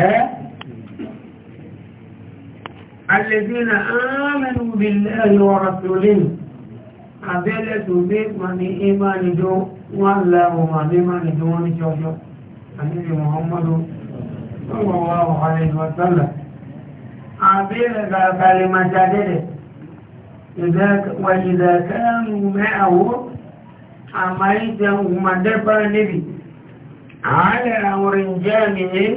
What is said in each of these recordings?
الذين آمنوا بالله ورسوله قبلة بيت من إيمان جو والله ما بمن دون جوجو النبي محمد صلى الله عليه وسلم عبير كلمة جديدة وإذا كانوا معه أمريتهم مدفع النبي على أمر جامعين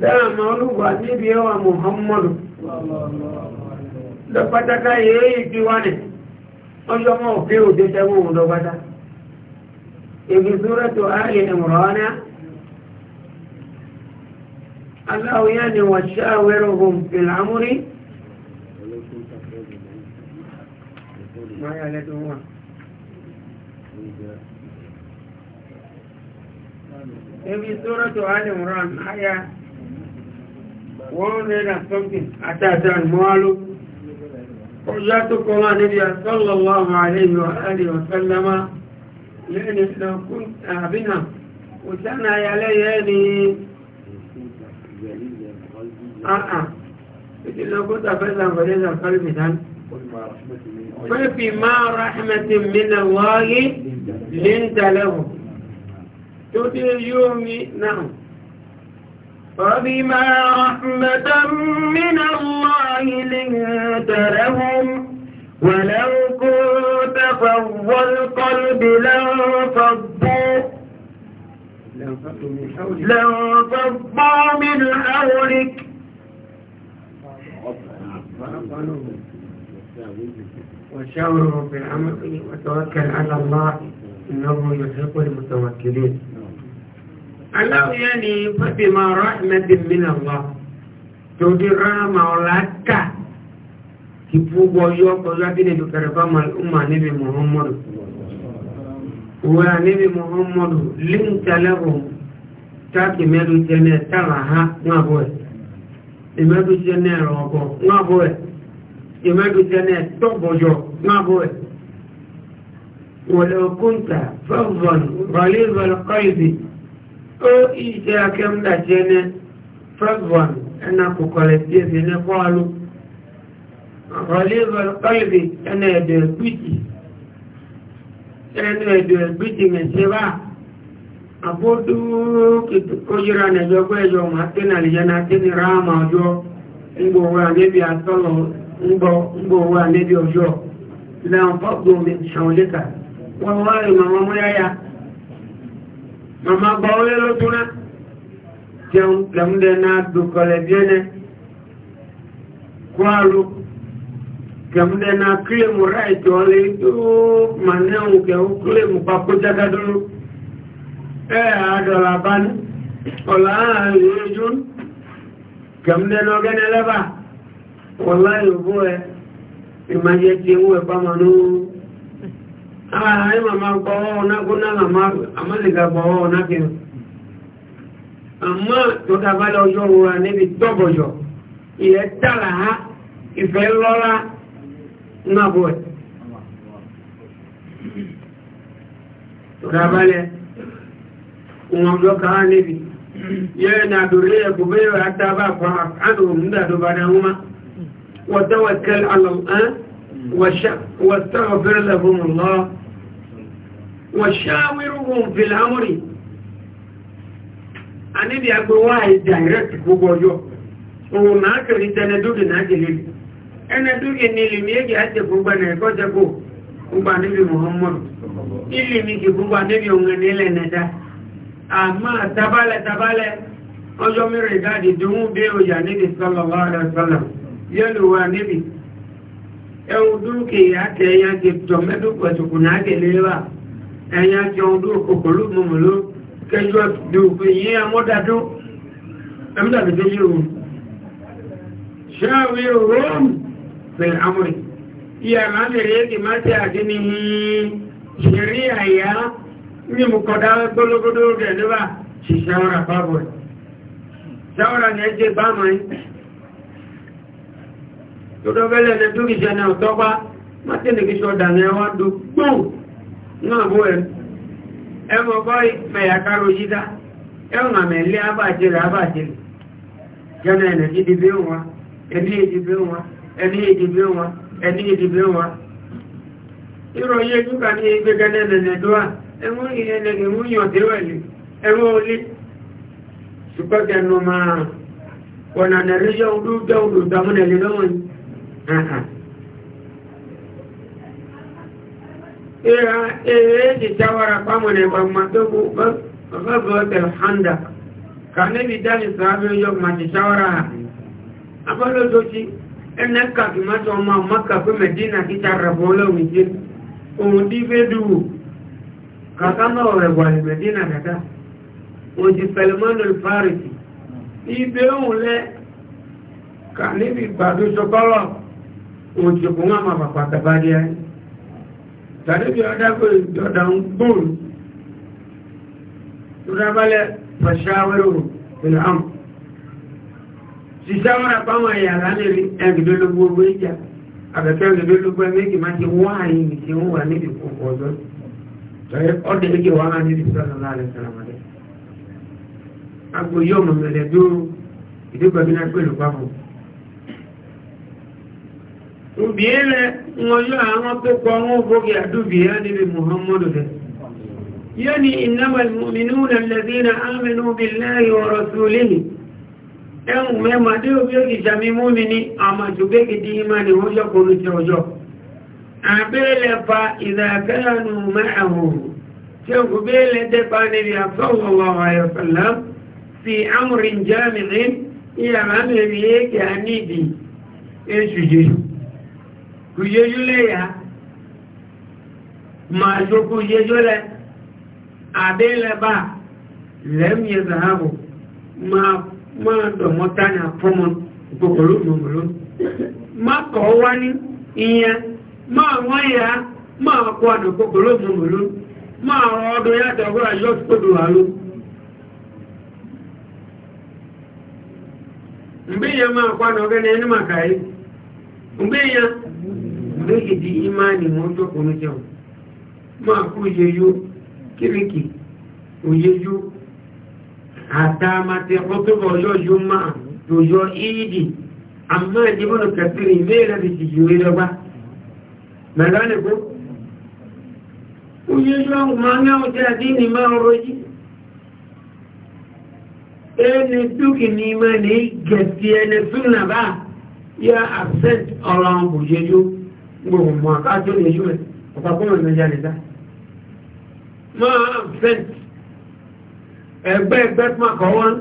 dáàmà olúgbà níbi ẹwà muhammadu lọ́pátáká èyí tí wá nì ọjọ́ mọ́ òfin òjò tẹ́wọ́n òun lọ́pátá ibi súnrẹ́ tó ààrẹ ìmọ̀rànà ya ni wà ṣáwẹ́rọ̀ ohun ìlàmúrí máyà lẹ́tọ̀ wọn ibi súnrẹ́ tó 100 and something àtàtà mọ́álù ọjọ́ tó kọ́ máa níbi sallallahu alayhi wa alihi wa sallama lẹ́ni lọ́kún àbínà òtánà ayalẹ́yẹ ni àà ìdílọ́kún tàfẹ́sà fẹ́lẹ́sà kọlùmìtán fẹ́fì máa rahmatin mina wáyé lẹ́ntàlẹ́wọ̀ tó dé yóò mi náà فبما رحمة من الله لنت لهم ولو كنت فظ القلب لانفضوا لانفضوا من حولك وشاوروا في الأمر وتوكل على الله إنه يحق المتوكلين aláwọ̀ yẹn ni fẹ́bí máa rọ́ ẹ̀mẹ́bí mìíràn lọ torí ráàmà ọ̀la kà kí púpọ̀ yọ pẹ̀lú abínibí kẹrẹfà ọmọ níbi muhammadu wọ́n níbi muhammadu líńtẹ̀lẹ́hùn táàkì mẹ́rin jẹ́nẹ̀ tààrà ha wọ́n àbọ̀ ẹ̀ ìmẹ́rin jẹ́nẹ̀ rọ̀ọ̀kọ̀ wọ́n àbọ̀ ẹ̀ ìmẹ́rin jẹ́nẹ̀ tọ́bọ̀jọ̀ wọ́n àbọ̀ ẹ̀ wọ́n lè kúńtà fẹ́fọ̀n ó ìṣẹ́ akẹ́mdà jẹ́ ní first one ẹna kò kọ̀lẹ̀tí èsì ní pọ́ọ̀lù na ẹna ẹ̀dọ̀ ẹ̀gbìtì ẹna ẹ̀dọ̀ ẹ̀gbìtì ẹ̀ṣẹ́ bá àbódú kòjíra nẹ̀jọ gbẹ́jọ màtínà lìyẹnà tí ni ráàmà ọjọ́ màmá gba ọlẹ́ ló tún náà jẹun lẹ́múdẹ náà dùkọlẹ̀ bíẹ́nẹ́ kó àlù kẹmúdẹ náà kílèmù ráìtì ọlẹ́ tó mànẹ́hùn kẹwù kílèmù papò jágádúró ẹ̀ àdọ̀là bá ní ọ̀là àárín ojú kẹmúdẹ náà gẹ́nẹ́ lẹ́bà wọ́n láyò bó ẹ ìmàjẹ́ ti ewu ẹ̀ pàmò náà. a àìmà máa gbọ́wọ́ onágúnná àmọ́lìgà gbọ́wọ́ onágún a tó dábálẹ̀ ọjọ́ òwúra níbi tọ́bọ̀jọ̀ ìyẹ́ tààrà ha ìfẹ́ lọ́lá náàbọ̀ ẹ̀ tó dábálẹ̀ ọjọ́ káà níbi yẹ́ na dòrí ẹgbùgbẹ́rẹ̀ àtàbà fún àdùn múdàdùbàdà wọ́n tẹ́wọ̀ kẹ́lẹ̀ àlọ́ واستغفر وشاورهم في الأمر anibi agbowaye direct gbogbo ọjọ́ òun náà kìrì tẹnẹdúgì náà jẹ lèlè ẹnẹdúgì ní ilimi èjì àti gbogbo ẹ̀nà ẹ̀kọ́ jẹ́kò gbogbo anibi muhammadu ilimi kì gbogbo anibi òun ẹni ilẹ̀ nẹ̀dá àmà tabalẹ̀ tabalẹ̀ ọjọ́ gáàdì dùnún bí òyà níbi ẹ̀yà kí ọdún òkòlù mọ̀mọ̀ ló kẹjọ dùnkù yí amọ́dádó ẹmúdàdé yíò ṣáàwí rome pẹ̀lú amọ̀ ìyà máa bèèrè èdè máa tẹ́ àti ní ṣeré àyà ní mọ̀kọ̀dá gbólógódó rẹ̀ níbà ṣe ṣáwọ́ra bábọ̀ ṣáwọ́ra ní ẹjẹ́ bá máa ń tó dọ́bẹ̀lẹ̀ ní dúkìṣẹ́ ní ọ̀tọ́gbá náà bó ẹ ẹmọ bọ́ mẹ́yà káró yídá ẹ̀wọ̀n àmẹ́lẹ́ abájẹ́rẹ́ abájẹ́rẹ́ jẹ́nà ẹ̀nà ìdìbé wọn ẹni ìdìbé wọn ẹni ìdìbé wọn ẹni ìdìbé wọn ìrọ̀ yẹ jùkà ní gbẹ́gẹ́nẹ́ nẹ̀nẹ̀dọ́wà ẹ̀wọ̀n ìyẹ̀nẹ̀ ẹ̀wọ̀n olé ṣùgbọ́n tẹnu máa wọ̀nà nàìjíríà ọdún jẹ́ ọdún ìdámúnẹ̀lẹ́ إيه إيه تشاورا بامنا بامتوكو غزوة الحندق كان بيدال الصحابة يوم ما تشاورا أقول له أنا كاكي ما توما مكة في مدينة كي تعرفوا ويجين ومدي فيدو كاكا ما هو ربوالي مدينة كاكا وجي سلمان الفارسي إيبيون لي كان بيبادو شكالا وجي كما ما بقى تبادي tàbí bí ọdá kò ìjọdá ń gbọ́n tó dábálẹ̀ pàṣáwẹ́rò ìlàmù ṣìṣáwọ́ra pàwọn ẹ̀yà lánàrí ẹgbẹ̀dọ́lógún owó ìjà àbẹ̀kẹ́ ẹgbẹ̀dọ́lógún méjì máa ti wọ́n àyè ìbí tí wọ́n wà níbi kòkò ọ̀dọ́ tọ́yẹ ọdẹ méjì wọ́n á níbi sọ́nà láàrin sàràmàdẹ́ ubiyele ngoyo àwọn pe ko won bogi adubiya ni bi muhammadu de yani innamal mu'minuna alladhina amanu billahi wa rasulihi en me ma de obi ogi jami mu'mini ama jube ki di imani hojo ko ni hojo abele fa idha kanu ma'ahu جو بيل دبان يا صلى الله عليه وسلم في امر جامع يا من يك يعني دي ايش kùyéjúlé ya máa jó kùyéjúlé àbẹ́lẹ́bà lẹ́mí ẹ̀zàhábò máa dọ̀mọ́ tánà fọ́mọ́ ìpòkòrò mọ̀mọ̀ló má kọ̀ wá ìyẹn máa wọ́n ya máa kọ́ àdọ̀ ìpòkòrò mọ̀mọ̀ló máa rọ ọdún yàtọ̀ ọgbọ́n àjọ́ ìpòdò mgbe ya mgbe ya méjì di ìmáàni wọn jókòó ní jẹun máa kú yeyó kíríkì òyeyó àtàmàtẹ ọtọ́bọ̀ ọjọ́ yóò máa yòyọ ìdì àmọ́ ìdíbọ̀nù kẹfìrì mẹ́rẹ̀ ti ti yòó lọ́gbà mẹ́lánìkó òyeyó àwọn máa ń yáwó jẹ́ àdínì máa ń rojí ẹni dúkì ní ìmáàni gẹ̀ẹ́sì ẹni súnà bá yá absent ọ̀rọ̀ àwọn òyeyó gbogbo mọ àkájọ ní ìṣú rẹ ọ̀pá kọ́nà ní ìyá nìta máa fẹ́ǹt ẹgbẹ́ ẹgbẹ́ tó máa kọ́ wọn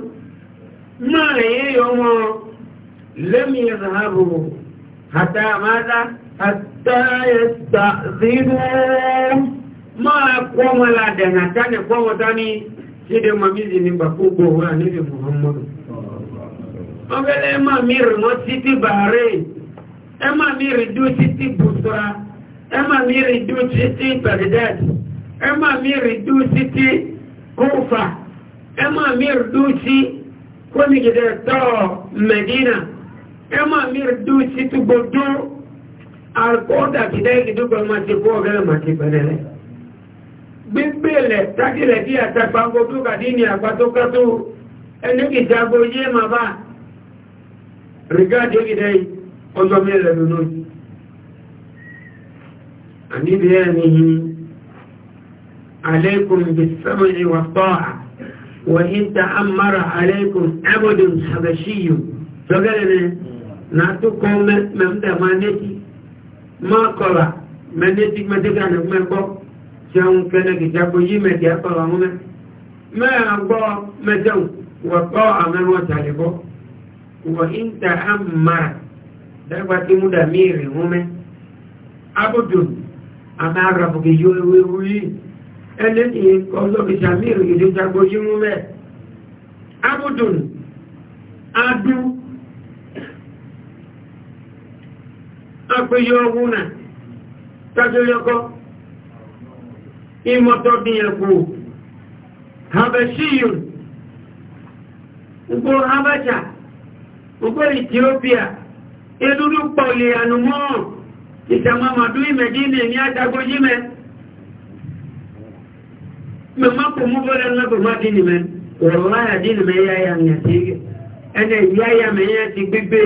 máa èyí yọ wọn lẹ́mí ìrààrò àtàmádá àtàyẹ̀sà zínú máa kọ́ wọn ládẹ̀nà tánì kọ́ wọn tání síde mamizi ní gbàgbogbo wọn àníbi muhammadu ọgbẹ́lẹ́ máa mìíràn wọ́n títí bàárẹ̀ ẹmà mi reduce ti bùsùra ẹmà mi reduce ti baghdad ẹmà mi reduce ti kófà ẹmà mi reduce kónìgidẹ tọ́ medina ẹmà mi reduce ti gbogbo alkóda kìdẹ́ ìdúgbò ọmọ ti kó ọgẹ́rẹ́ ọmọ ti bẹ̀rẹ̀ rẹ̀ gbígbélẹ̀ tágìlẹ̀ bí àtàkpàgbò tó kàdí ní àgbàtókàtó ẹni kìtàgbò yé màbá rìgáàdì kìdẹ́ yìí ọjọ́ mẹ́rẹ̀ lónà àníbí ẹ̀nìyí alaykum bis-sam'i wat-ta'a wa in ta'ammara alaykum abdun habashi tọ́gẹ́rẹ̀ na tukọ̀ mẹ́mdẹ̀ mẹ́nẹ́tì máa kọ̀lá mẹ́nẹ́tì mẹ́tẹ́gà ní mẹ́gbọ́ jẹun kẹ́nẹ́gì jágbó yí mẹ́tẹ́ akọ̀lá mú mẹ́ mẹ́rẹ̀ gbọ́ mẹ́tẹ́un wọ̀tọ́ àmẹ́wọ̀tàlẹ́gbọ́ wa in ta'ammara darabati muda miri mume abudun ama arabu ke yo ewe wuli ẹni ni ọlọ́ bí sàmìrì ìdí jagbójú múlẹ̀ abudun adu apẹyọ ọ̀húnà tajọyọkọ ìmọ̀tọ́dìyànkù habeshiyun ugbó habasha ugbó ethiopia eduru kpọli anumọ ìsẹ̀mọ́ màdú ìmẹ̀dínà ní àdágójí mẹ́ mẹ́mọ́ kò mú bọ́lẹ̀ lọ́gbọ̀mọ́ dínì mẹ́ wọ̀láyà dínì mẹ́ yáyà ní àti ẹnẹ̀ yáyà mẹ́yẹ́ ti gbígbé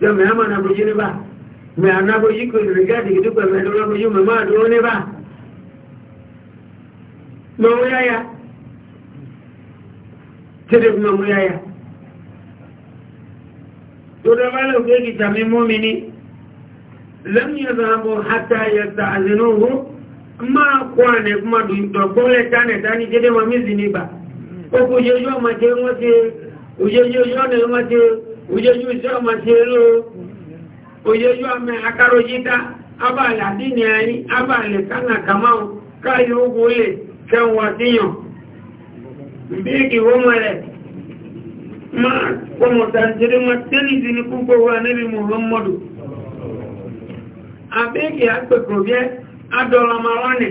lọ mẹ́hàmà nàbójí ní bá mẹ́ ànábójí kò rí gáàdì ìdúgbẹ̀ mẹ́lọ́gbọ̀jú mẹ́mọ́ àdúró ní bá mọ́ yáyà tẹ́lẹ̀ mọ́ yáyà تدبلوا فيك تمين مؤمنين لم يذهبوا حتى يستعزنوه ما كوانه كما دوبوله كانه تاني كده ما مزنيبا okujejo ma te won te ujejo yo ne ma te ujejo so ma te lo ujejo ame akaro jita abala dini ari abale kana kamao kayo gole kan watiyo mbiki womale máa kọmọ̀ tàbí wọn tẹ́lìdì ní púpọ̀ wà níbi muhammadu àbẹ́kì àpẹ̀kọ̀ bẹ́ adọ́lọmọwọ́nì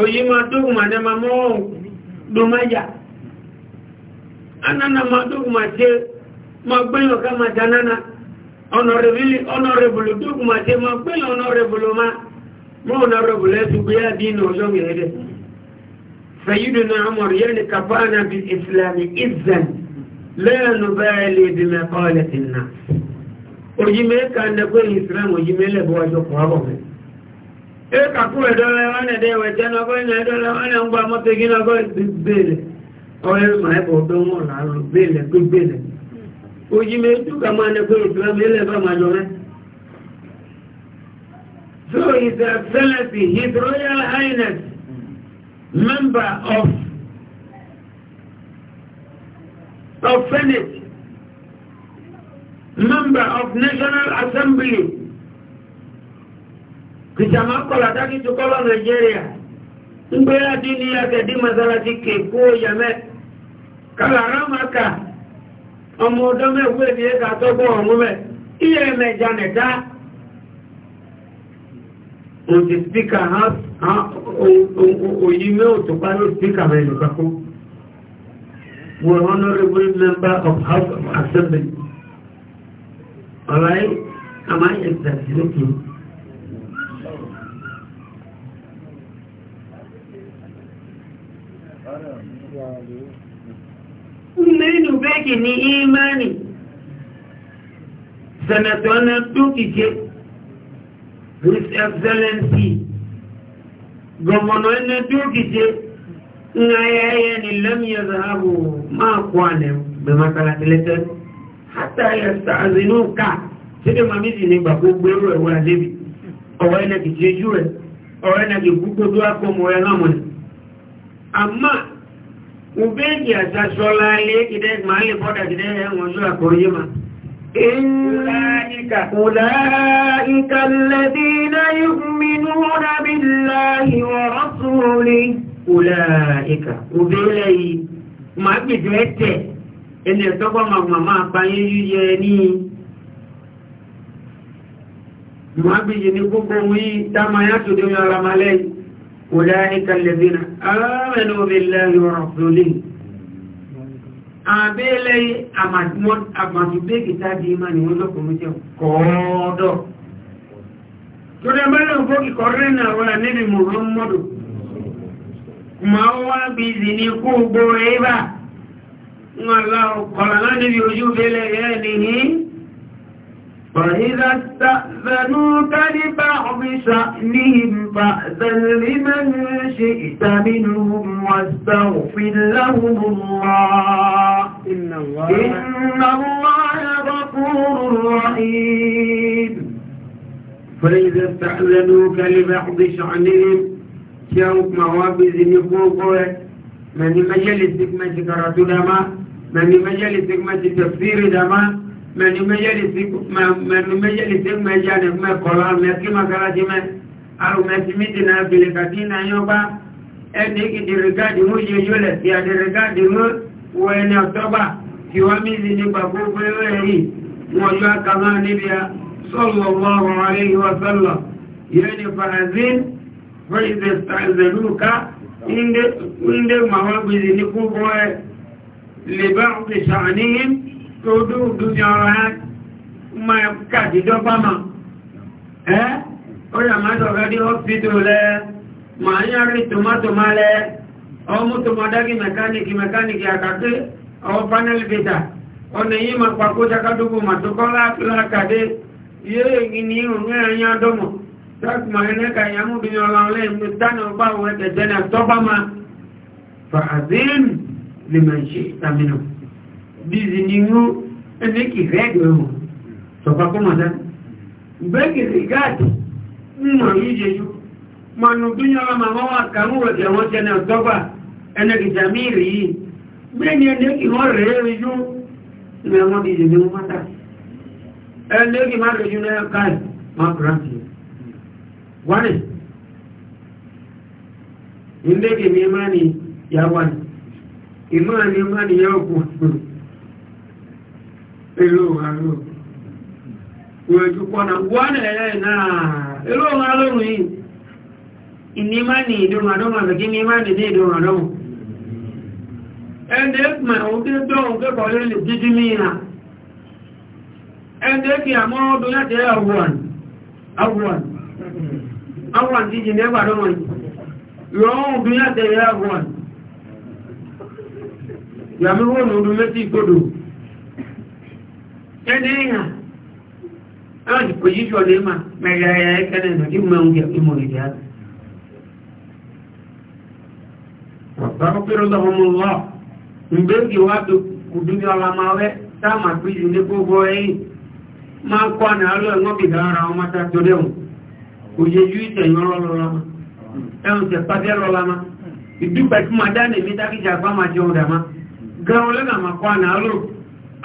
òyí máa tókù máa dẹ́ máa mọ́wọ́n dùmájà anána máa tókù máa tẹ́ máa gbẹ́yàn ká máa tánánà ọ̀nàrẹ̀bùlù tókù máa tẹ́ máa gbẹ́yàn ọ̀nàrẹ̀bùlù máa mọ́ ọ̀nàrẹ̀bùlù ẹ̀ سيدنا عمر يعني كفانا بالإسلام إذن لا نبالي بما قالت الناس ojime ka ndekwe islam ojime le bo ajo ko abo me e ka ku e dole wana de we jana go ina dole wana ngba mo te gina go bele o e ma e bo do mo la ru bele ku bele ojime tu ka ma ndekwe islam ele ba ma jore so is excellency his royal highness member of of Senate, member of National Assembly, kìsàmà kọlà dákì tó kọlọ Nàìjíríà ń gbé láti ní akẹ́dí masalasi kéèkó yamẹ́ kálá rámàkà ọmọ ọdọ́ mẹ́wúrẹ́ ní ẹ̀ka tọ́gbọ́n ọ̀hún mẹ́ iye mẹ́jà nẹ̀dá òtì spíkà òyí mẹ́ò tó parí spíkà mẹ́rin kakó were honorable member of house of assembly alright am I exaggerating nínú bẹ́ẹ̀kì ní ìmáni sẹ̀nẹ̀tọ̀ ọ̀nà tó kìí His Excellency, gọmọ̀nà ẹni dúkìtẹ́ ní ayẹyẹ ni lẹ́mìyàn zahabu máa kọ́ ànẹ̀ bẹ̀mọ́sára tẹ́lẹ́tẹ́. Hátà yẹ̀sà àzínú ká tí kí màmí sì ní gbàgbó gbérú ẹ̀wọ́ àdébì, ọ̀rọ̀ ẹ̀nà kì ṣe jú ẹ̀, ọ̀rọ̀ ẹ̀nà kì gbogbo tó wá kọ́ mọ̀ ẹ̀ náà mọ̀ Àmá, ubéèkì àṣàṣọ́lá ilé kìdẹ́ màá lè bọ́dà kìdẹ́ ẹ̀wọ̀n ṣọ́ àkọ̀ọ́yé máa. أولئك, أولئك الذين يؤمنون بالله ورسوله أولئك أولئك ما بجهته إن يتقوى مغمما بأيه يني ما بجني قبوي تما يتدو يا رمالي أولئك الذين آمنوا بالله ورسوله àbẹ́lẹ́ àmàdùgbékìtà di ma ni wọ́n lọ́kùnrin jẹ́ kọ́ọ̀dọ̀ tó dẹ mẹ́lẹ̀ ògbókì kọrin náà wọ́n níbi mọ̀hánmọ́dù ma ó wá bí ìzì ní kó gbó ẹ̀ẹ́bà ń aláwọ̀ níbi ojú bẹ́lẹ̀ ẹ̀ nìyí فإذا استأذنوك لبعض شأنهم فأذن لمن شئت منهم واستغفر لهم الله إن الله, غفور رحيم فإذا استأذنوك لبعض شأنهم شوك موابز نفوقك من مجلسك ما ذكرت لما من مجلسك ما تفسير لما mẹnu méjèlì sí mẹjá ní fún ẹkọlọ mẹkí makarasi mẹ alùmẹsí mítì náà bèèrè kàtí náà yọ bá ẹni ìdí rìgáàdì mú yẹ yóò lẹ̀ sí àdì rìgáàdì mú wọ ẹni ọ̀tọ́bà tí wọ́n mìí ní gbàgbó gbéwé rí wọn yọ akamá níbi a sọ́lọ̀ wọ́n aléyìí wọ́n sọ́lọ̀ yẹn ni farazin fẹ́ẹ̀sẹ̀ sàzẹ̀lúkà ń dé màwọn gbèsè ní kú bọ́ ẹ lè bá ń fi sàníyìn tó dúdú ní ọ̀rọ̀ ẹ́ ma kàdídọ́gbà ma ẹ́ ó yà máa sọ̀rọ̀ dí ọ́fíìtò lẹ́ ma ń yàrí tomato ma lẹ́ ọmú tomadági mẹkáníkì mẹkáníkì àkàkẹ́ ọ panel beta ọ̀nà yìí ma pàkó jákàdógó ma tó kọ́ lákàdé yéèyí ní òun ẹ̀yìn adọ́mọ̀ sáàkì ma ẹ̀lẹ́ ka ìyàmú bí ní ọlọ́run lẹ́yìn tánà ọgbà àwọn ẹ̀kẹ̀jẹ́ náà tọ́bá ma fàázín lè mẹ́ṣẹ́ ìtàmínà bízi ni mú ẹ̀mẹ́kì rẹ́gbẹ̀ẹ́ hù sọ̀pàkọ́ mọ̀dá bẹ́ẹ̀kì gáàtì mọ̀ yíjejú mọ̀nù dúnyọ́lá màmá wà kàmúrò tí àwọn tẹ́nà ọ̀tọ́gbà ẹnẹ́kì jàmíìrì yìí bẹ́ẹ̀ni ẹnẹ́kì wọ́n rẹ̀ ríjú ní àwọn bízi ni wọ́n mọ́ta ẹnẹ́kì má rẹ̀jú náà káì má kúrántì wọ́nì ilé kìíní má ni yá wọ́nì ìmọ̀ ni má ni yá òkú elóhàlò ìwẹ̀jú pọ́nà wọ́n ẹ̀rẹ́ náà elóhàlò rí ìnímá ní ìdóhàdóhà àti nímá ní ní ìdóhàdóhà ẹ̀ndẹ́ ẹ̀kùnmẹ̀ òun kí gbọ́hùn kẹ́kọ̀ọ́ lè jíjí mìíràn ẹ̀ndẹ́ kí àmọ́ ẹni èèyàn náà ti pè yíṣọ́ lè mà mẹ́rin ayẹyẹ ẹ̀kẹ́rẹ́ ìlú tí mẹ́rin jẹ́ pé mo lè jẹ́ bàbá pẹ̀lú lọ́wọ́ mo lọ ìgbéǹkì wá tó kùdúbí ọlámáwẹ́ táàmà pé yìí ní gbogbo ẹ̀yìn máa ń kọ́ àná alọ́ ẹ̀wọ́n bìdá ara máa kọ́ àná alọ́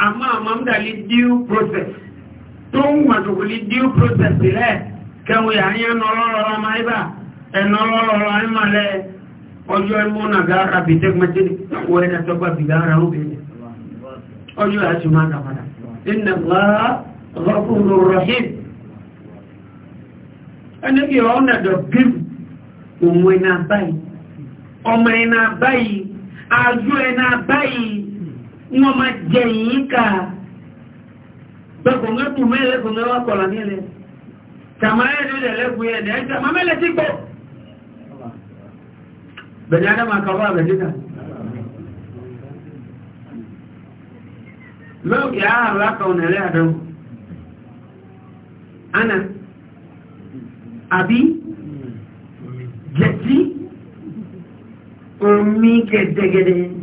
àmọ́ àmọ́mdàlí due process tó ń wàdùkúlí due process rẹ̀ kẹwẹ́ àyẹ́nà ọlọ́rọ̀ ọmọ ibà ẹ̀nà ọlọ́rọ̀ ìmọ̀lẹ́ ọjọ́ ìmúnà gára bí tẹ́gbẹ̀tẹ́ wẹ́nà tọ́gbà bí gára obìnrin ọjọ́ àṣùmọ́ àkàmàdà inna Allah ghafurur rahim ẹni kí ọ̀nà dọ̀bí òun ẹ̀nà báyìí ọmọ ẹ̀nà báyìí àjọ ẹ̀nà báyìí wọ́n máa jẹ yìí ká pẹ̀kùnrin tún mẹ́lẹ́kùn mẹ́wàá kọ̀lá nílẹ̀ tàmáyé ló lẹ̀lẹ́kùn yẹn ẹ̀ẹ́dẹ́ máa mẹ́lẹ̀ tí pọ̀ bẹ̀rẹ̀ adama kọwàá bẹ̀díkà lóòkè ààrùn akọ̀ọ̀nà rẹ̀ àdánwò ana àbí jẹ̀tí omi gẹ̀dẹ̀gẹ̀dẹ̀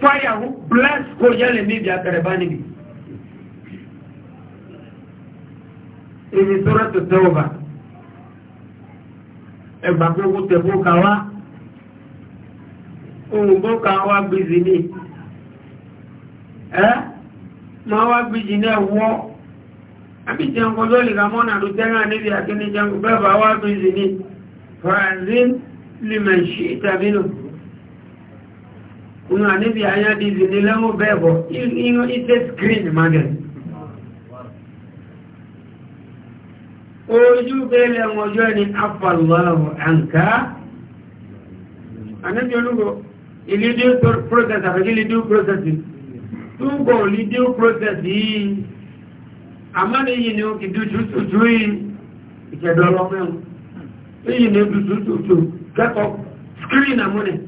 fire who bless kò yẹ́lẹ̀ mí bí akẹrẹ bá níbi èyí sọ́rọ̀ tó tẹ́ ọba ẹgbà gbogbo tẹ̀bó ká wá ohun bó ká wá gbèsè ní ẹ́ máa wá gbèsè ní ẹ̀wọ́ àbí jẹun lórí ramona ló tẹ́rà níbi àti ní jẹun bẹ́ẹ̀ bá wá gbèsè ní brazil lè mẹ̀ ṣe ìtàbí náà nínú àníbì ayá dìzì ní lẹ́mú bẹ́ẹ̀bọ̀ inú ìtẹ́ screen magan ojú bẹ́ẹ̀lẹ̀ ọjọ́ ni afọ̀lọ́wọ̀ àǹká àníbì olúgbò ìlídíò process àfẹ́kí ìlídíò process túbọ̀ ìlídíò process yìí àmọ́ni yìí ni ó kì dúdúdúdú yìí ìkẹ̀dọ̀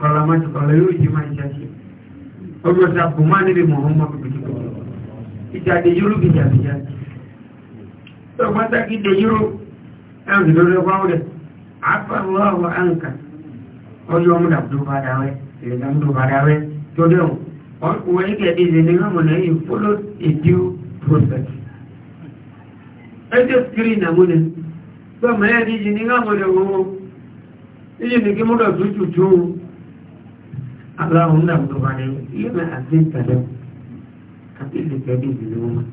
kọlá máa kọlá yóò jí máa ṣáṣe ọjọ́ ta kò máa nílé muhammadu bìtìkọ̀ ìjàdé yóò bí jàdìjà tó pátákì dé yóò ẹ̀rùn lórí ọgbà rẹ̀ àpàlọ́ àwọn àǹkà ọjọ́ ọmọdé àbúdóbádáwẹ́ ìrẹ̀dá àbúdóbádáwẹ́ tó dẹ̀wọ̀n ọkùnrin ẹ̀kẹ́dẹ̀ ìrẹ̀dẹ̀ ìrẹ̀mọ̀ náà yìí follow a due process ẹjọ́ screen àmúnẹ gbọ́mọ̀ ẹ̀ اللهم نغضب عليهم لما أذنت لهم قبل جديد النوم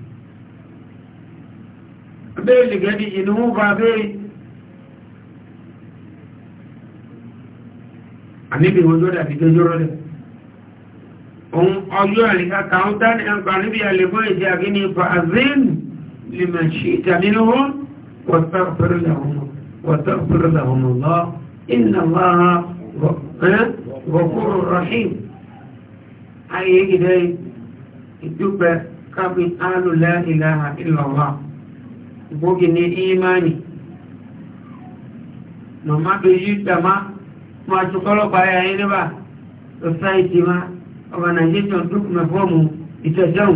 قبل جديد النوم بابي àníbi ojú rẹ̀ àtijọ́ jọ́rọ́ rẹ̀ ohun ọjọ́ àríká kàúntà ní ẹnkà níbi àlẹ́gbọ́n ìjẹ́ àgíní ipa azín lè mẹ́ ṣe ìtàmínú wọn wọ́tàfẹ́rẹ́lẹ̀ ọmọ غفور رحيم أي إلي الدبة كابن آل لا إله إلا الله بوجني إيماني نما بيجي تما ما تقولوا بايا إنبا society ma organization duk mefomu itejau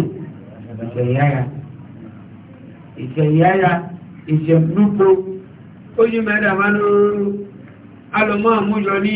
ìṣẹ̀yáyà ìṣẹ̀yáyà ìṣẹ̀lúpo ó yí mẹ́ta máa lóòrò alọ́mọ́ àmúyọ ní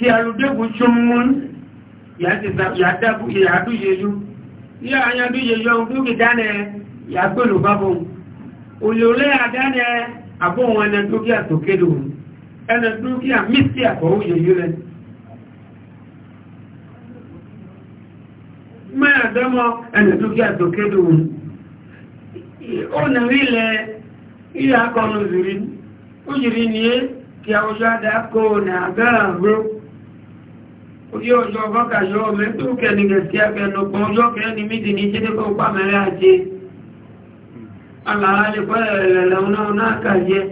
kí alùdébù ṣohun yàádúyeyu yà àyàdúyeyu ọ̀hún dúkì dáná yàgbèrò bábọ̀ olóòlé àdáná àbọ̀wọn ẹnẹ dúkìá tó kéde òun ẹnẹ dúkìá mísí àkọ́wọ́ yeyu rẹ̀ mẹ́ẹ̀dọ́mọ ẹnẹ dúkìá tó kéde òun ó nà rí lẹ ilé akọ́nù zìrí ó yìí ní kí àwùjọ àdá kó nà gáà rú oye ọjọ́ ọgọ́ta yọ ọmọ ẹgbẹ́ òkèlì gẹ̀ẹ́sì akẹ́lọpọ̀ ọjọ́ kẹni méjì ní jẹ́dẹ́kọ́ pàmẹ́rẹ́ ajé alàálẹ́ pẹ́ ẹ̀lẹ̀lẹ̀ ọ̀nà àkàjẹ́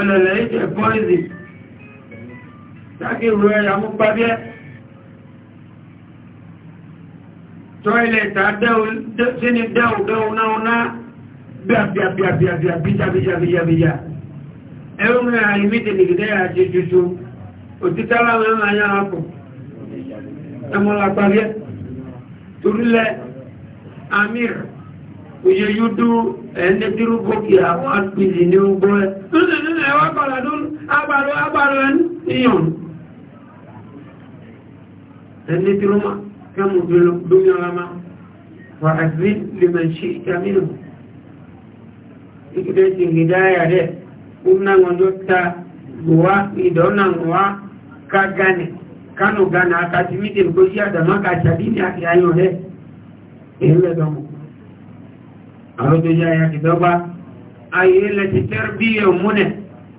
ẹ̀lẹ̀lẹ̀ ìjẹ́ pọ́ìsì sáàkì rọ ẹ̀yà mú pàbẹ́ tọ́ìlẹ̀tà sínú dẹ́ọ̀dẹ́ ọ̀nà ọ̀nà bíàbíàbíàbíàbíjàbíjàbíjà ẹ̀rọ mẹ́rin àìmídìí nìgidẹ́ àjẹjújú òtítà láwọn ẹ̀rọ ẹmọ́lágbáyé torílẹ̀ amir òye yóò dú ẹni dírú gòkè àwọn àpìlì ní ogbó ẹ nílẹ̀ ẹwà pàdàdún agbàrò agbàrò ẹni ìyàn ẹni dírú ma kẹmù dúnmí ọlámá wà àgbí lèmẹ̀ṣí ìtàmínú ìgbẹ́ ti hìdáyà rẹ̀ ó náà wọn ló ta gbòwá ìdọ́nà wọn ká gánì kano gana akati mite mkosia damaka chadini aki ayo he ele domo arodo ya ya kidoba ay ele ti terbiye mune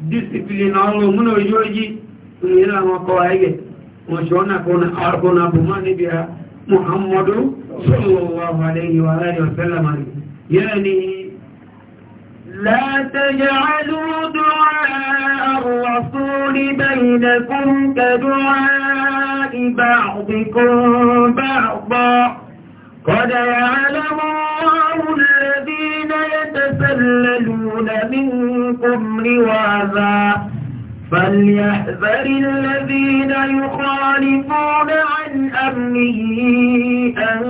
discipline allo muno yoji unila mako ayge mshona kona arkona bumani biha muhammadu sallallahu لا تجعلوا دعاء الرسول بينكم كدعاء بعضكم بعضا قد يعلم الله الذين يتسللون منكم لواذا فليحذر الذين يخالفون عن أمنه أن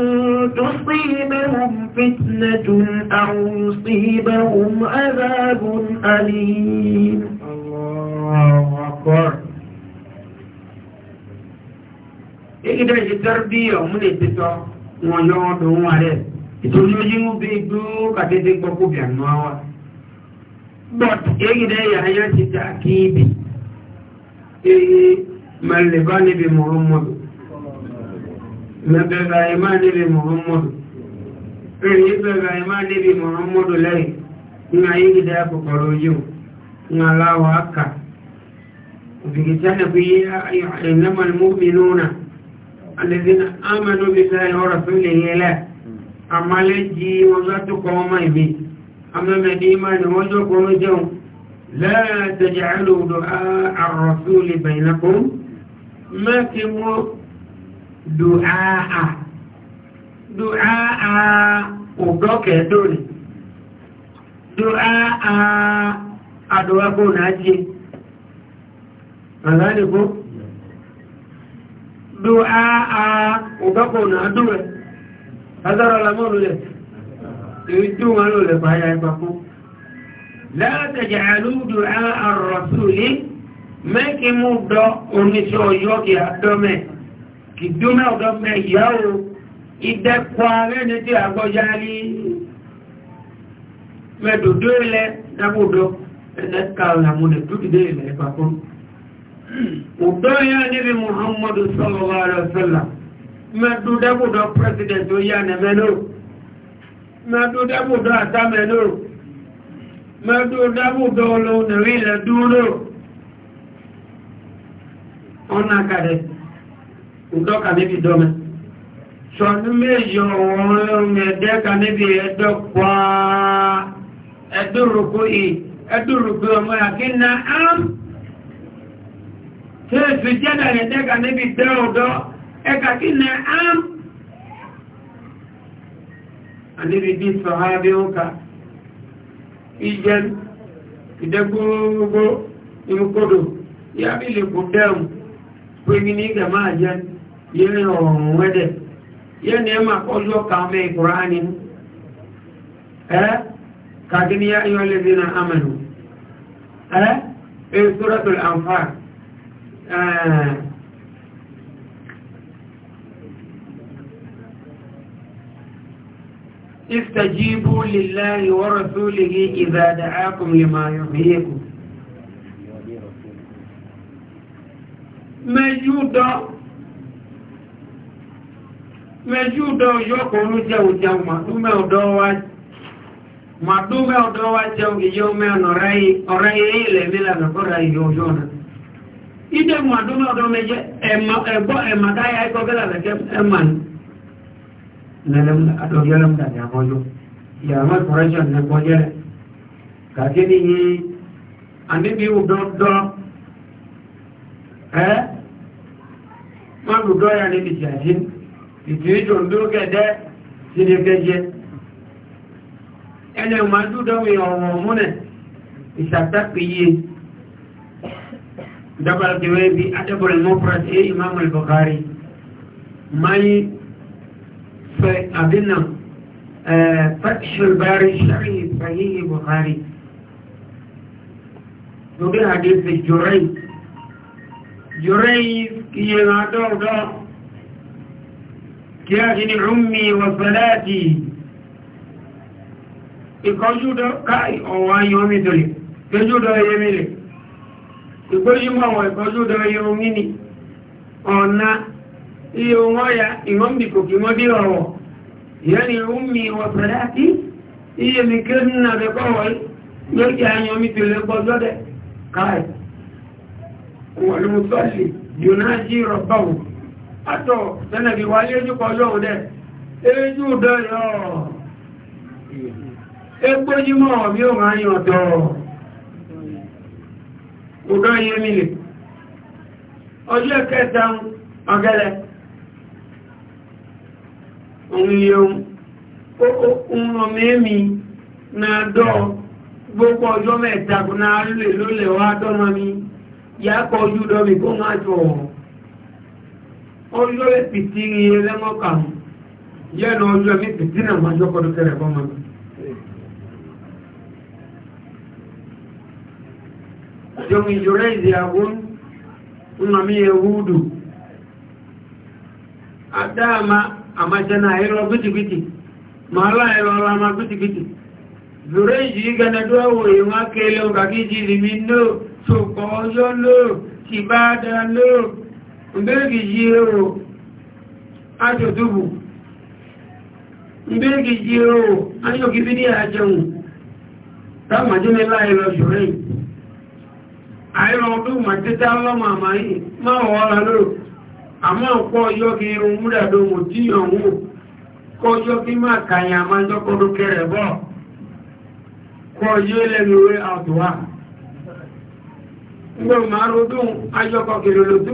تصيبهم فتنة أو يصيبهم عذاب أليم الله أكبر ekita ṣe tarbiya mu ne ti tɔ wọn yɔ wọn do wọn rɛ ìtòlú yíwú bí dúró kàdédé gbɔkú bí àná wa but ekita yàrá yà ti ta kíbi ee maleba ne bi muhammadu mẹbẹba ima ne bi muhammadu ee bẹba ima bi muhammadu lẹyìn nga ekita yà kọkọrọ yíwú nga láwa kà òbí kìtà nàbí yà ẹnlẹmọ mọmìnú náà. yere a aaa lea oo aụ ee a du'a ugbapo na duwe azara la morule yuju malule baya ipapo la taj'alu du'a ar-rasul meki mudo onisho yoki adome kidume odome yawo ide kware ni ti agbojali medodo ile dabodo ẹ̀ẹ́dẹ́ka ọ̀làmúnẹ̀ dúkìdé ilẹ̀ ìpapọ̀ ọ̀dọ́ ya níbi muhammadu sallallahu alaihi wasallam mẹ́dú dẹ́bùdọ́ president ó yà nẹ́mẹ́lò mẹ́dú dẹ́bùdọ́ àtàmẹ́lò mẹ́dú dẹ́bùdọ́ olóòrùn ilẹ̀ dúró ọ̀nà kàdẹ̀ ọ̀dọ́ kà níbi dọ́mẹ́ sọ̀nú méjì ọ̀rùn ẹ̀dẹ́ kà níbi ẹ̀dọ́ pàá ẹ̀dùrùkú ọmọ yà kí na am. ṣe ìfìjẹ́dà rẹ̀ tẹ́gà níbi tẹ́ ọ̀dọ́ ẹka kí nẹ ám àníbi bí sọ̀hábí ọkà ìjẹ́ ìdẹ́gbogbo ìrúkọdò yàbí lè kò dẹ́rùn pẹ̀lú ní ìgbà máa jẹ́ yẹ́rẹ̀ ọ̀rùn wẹ́dẹ̀ yẹ́ ni ẹ máa kọjọ́ ka ọmọ ìkùrá ní ẹ́ kàkí yọ́ lè dínà àmàlù ẹ́ èyí sóràtò استجيبوا لله ورسوله إذا دعاكم لما يحييكم mẹjúdọ̀ yọ́kọ̀ orú jẹun jẹun màdúmẹ́ ọ̀dọ́ wa jẹun ìyọ́ mẹ́ ọ̀rẹ́ ilẹ̀ mílànà kọ́ra ìyọ́ ọjọ́ náà ide mu adome adome je emma ebo emma da ya ko gela le kem emma nalam ado yalam da ya boyo ya ma correction ne boye ka ke ni ni ande bi u do do eh ma du do ya ni bi ja jin ti ti jo ndo ke de ti de ke je o mo ne isata piye دبل الجويبي أدب المفرد إيه إمام البخاري ماي أبنا آه فتح الباري الشرعي صحيح البخاري دوغي حديث الجريج جريج كي ينادو دو كي أجن عمي وصلاتي ìkọjúdọ́ káì ọ̀wọ́ ayọ́mídọ́lẹ̀ kejúdọ́ yẹmílẹ̀ ìgbójú mọ́ àwọn ìgbọ́jú dọ̀rọ̀ irun mini ọ̀nà iye wọn ya ìmọ̀mí kò kí wọ́n dé ọ̀rọ̀ ìyá ni òun mi wọ̀ pẹ̀lá sí iye mi kí ní nàbẹ̀ kọ́wọ́ yóò jẹ́ àyàn mi tó lè gbọ́jọ́ dẹ̀ káì wọ́n ló sọ́ọ̀lì yonájí rọ̀báwò àtọ̀ sẹ́nàbí wa léjú kọjọ́ òun dẹ̀ ejú dọ̀yọ̀ ẹgbójú mọ́ ọdọ́ yẹn mílẹ̀ ọjọ́ kẹta ọgẹ́lẹ̀ ohun iye ohun ọmọ èmì náà dọ́ gbogbo ọjọ́ mẹ́ta kò náà lè lólẹ̀ wá dọ́mọ mi yàkọ̀ ojú dọ́mi kó máa jọ ọjọ́ ìpìtì ìrìn ẹlẹ́mọ́kà yẹ́nu ọjọ́ mi pìtì náà máa jọ́kọ̀ọ́dún kẹrẹ̀ bọ́mọ mi yomi juraizi agun nnami yahudu adama amajana ilo bitikiti mala ilo lama bitikiti juraizi gana duwa woyi wa kele ogagiji limino soko oyo lo tibada lo mbegi yeo ajo dubu mbegi yeo ayo kibini ajeun tamajini la ilo juraizi àìrọ̀ ọdún màtítà lọ́mà máa yìí máa wọ́ ọ́la lóò àmọ́ ọ̀pọ̀ ọjọ́ kí irun múdàdó mò tí ọ̀hún kọjọ́ kí máa kàyà máa jọ́kọ́dún kẹrẹ̀ bọ́ kọjọ́ lẹ́nuwé àtúwà ńgbò máa rodún ajọ́kọ̀ kèrè ajọ́kọ̀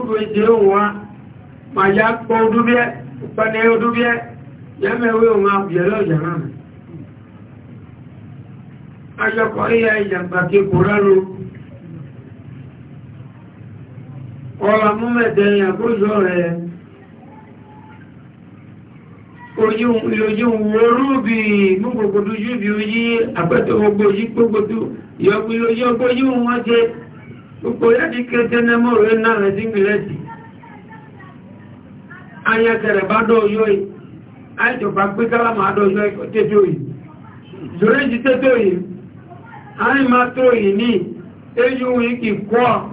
kí kò rárú ọ̀rọ̀ amúmẹ̀tẹ̀ èèyàn kó rẹ̀ ojú orú bí gbogbo ojú bí ojú àpẹtẹ gbogbo ojú gbogbo tó yọgbí ojú ojú wọn gbogbo yàtí kẹtẹ nẹmọ rẹ náà rẹ sí ayẹkẹrẹ bá dọ ọyọ yìí àìjọba pé kálámà àdọ ọyọ tètè yìí zòrèjì tètè yìí àìmá tó yìí ní eyín ìkì kọ́ ọ.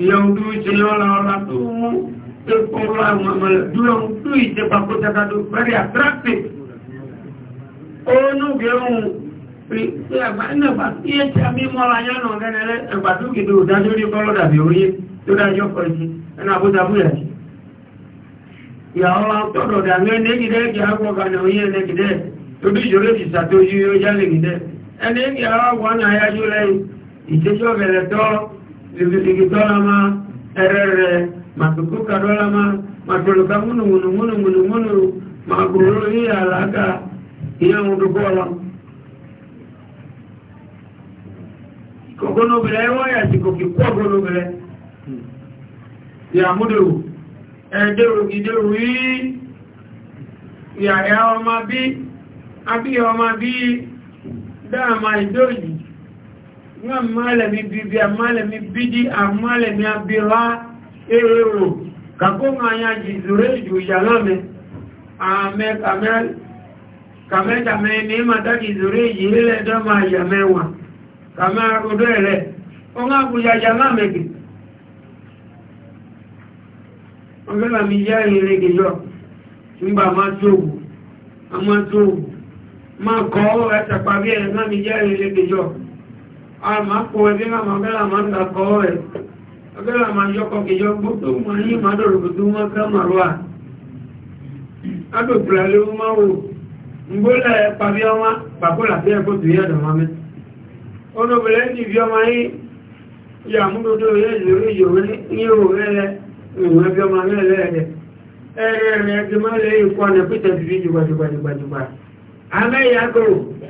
yang duit orang tuh terpulang dulang duit cepat aku cakap tu very atraktif oh no bilang Ya, mana pasti ya kami mulanya no kan ada batu gitu jadi kalau dah biuri sudah jauh pergi enak aku dah punya ya Allah tuh dah ngene gitu eh, ya aku kan ngene gitu tuh jure satu yo jalan gitu ini ya wan ayah jule itu juga ligidolama erere matukuka dolama matuluka munu munu munu munu munu maguru iya alaka iya mudukola kokono bile waya tiko kikwa kono bile ya mudu ẹ̀dẹ́rù gidẹ́rù rí ìyàrá ọmọ bí abíyà ọmọ bí dáàmà ìdóòjì na malami bibiya malami bidi a malami abira ero e, e, kako nganya jizure jujalame ame kamel kamel dame ni mata jizure jile dama yamewa kama udele onga kujajalame ki ongela mija ile kijo mba matugu amatugu ma ko eta pabie ngami jale ile kijo àmà kún ẹbí àmà bẹ́lá máa ń dàkọ́ ẹ̀ abẹ́lá máa yọkọ̀ kìjọ gbótó máa yí máa dọ̀rọ̀ gbótó máa ká màrúwà adòpìlà ló máa wò ngbólẹ̀ pàbí ọmọ pàkólà bí ẹkọ́ tó yẹ́ dọ̀mọ́ mi ọdọ̀bẹ̀lẹ̀ ti fi ọmọ yí yà múdòdó yẹ́ ìlú ìyòwó ní ìwò rẹ̀ ìwò ẹbí ọmọ rẹ̀ lẹ́ẹ̀dẹ̀ ẹ̀rẹ̀ rẹ̀ ti máa ọ̀nà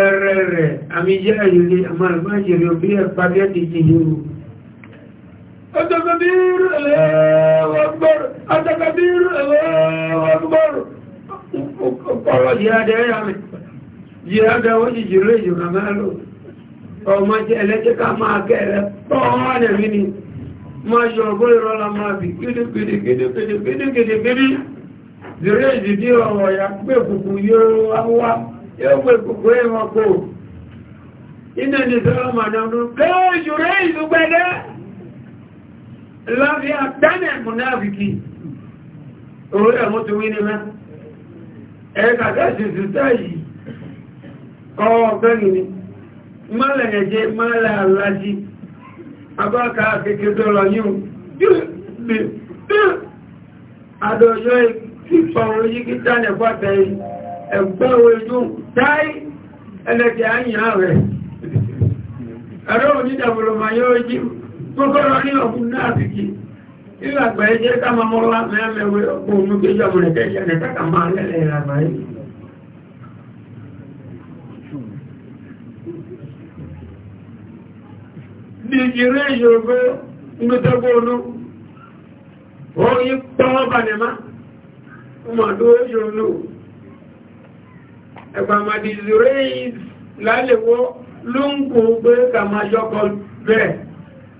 ẹ̀rẹ̀ rẹ̀ àmì jẹ́ àyèlé àmà ìmájèrè òbí ẹ̀pá gẹ́ẹ̀dì ti yóò ọjọ́gbẹ̀bírù ẹlẹ́wọ̀gbọ̀rù ọjọ́gbẹ̀bírù ẹlẹ́wọ̀gbọ̀rù ọ̀pọ̀lọ̀ jíadẹ̀ ẹ̀yà mi jíadẹ̀ ó jìjì rẹ̀ jù nà máa lò ọmọ jẹ́ ẹlẹ́jẹ́ ká máa gẹ́ẹ̀rẹ́ pọ́ọ̀nà mi ni máa yọ ọgbọ́n ìrọ́lá máa bì gidigidigidigidigidigidi yóò pè gbogbo ẹ̀wọ̀n kò iná ní sọ́rọ̀ mọ̀nàmú kóòjù rẹ̀ ìdúgbẹ́dẹ́ láti àtẹ́nẹ̀ mùnáfikì owó ẹ̀mú tó wí nílá ẹ̀ẹ́kà tẹ́sì sùtá yìí ọ̀ọ̀gbẹ́ni ni mọ́lẹ̀ ẹ̀jẹ́ mọ́lẹ̀ alájí abáka kékeré dọ́lọ yíò adọ́jọ́ ìpàwọ̀ yí kí tánẹ̀ pàtẹ́ yìí ẹgbẹ́ ojú táì ẹlẹ́kẹ̀ àyíyàn rẹ̀ ẹ̀rọ onídàbòròmà yóò jí kókọ́rọ̀ ní ọkùn náà ti kí ìlàgbà ẹjẹ́ káàmà na mẹ́lẹ́wẹ́ ọkùn omi kéjọ mọ̀lẹ̀ kẹ́kẹ́ ẹ̀rẹ́ káàkà máa lẹ́lẹ̀ ìlàgbà ó yí pọ́ọ́bà ẹ̀gbàmàdì zureis lálẹ́wọ́ ló ń kó pé kàmájọ́kọ bẹ́ẹ̀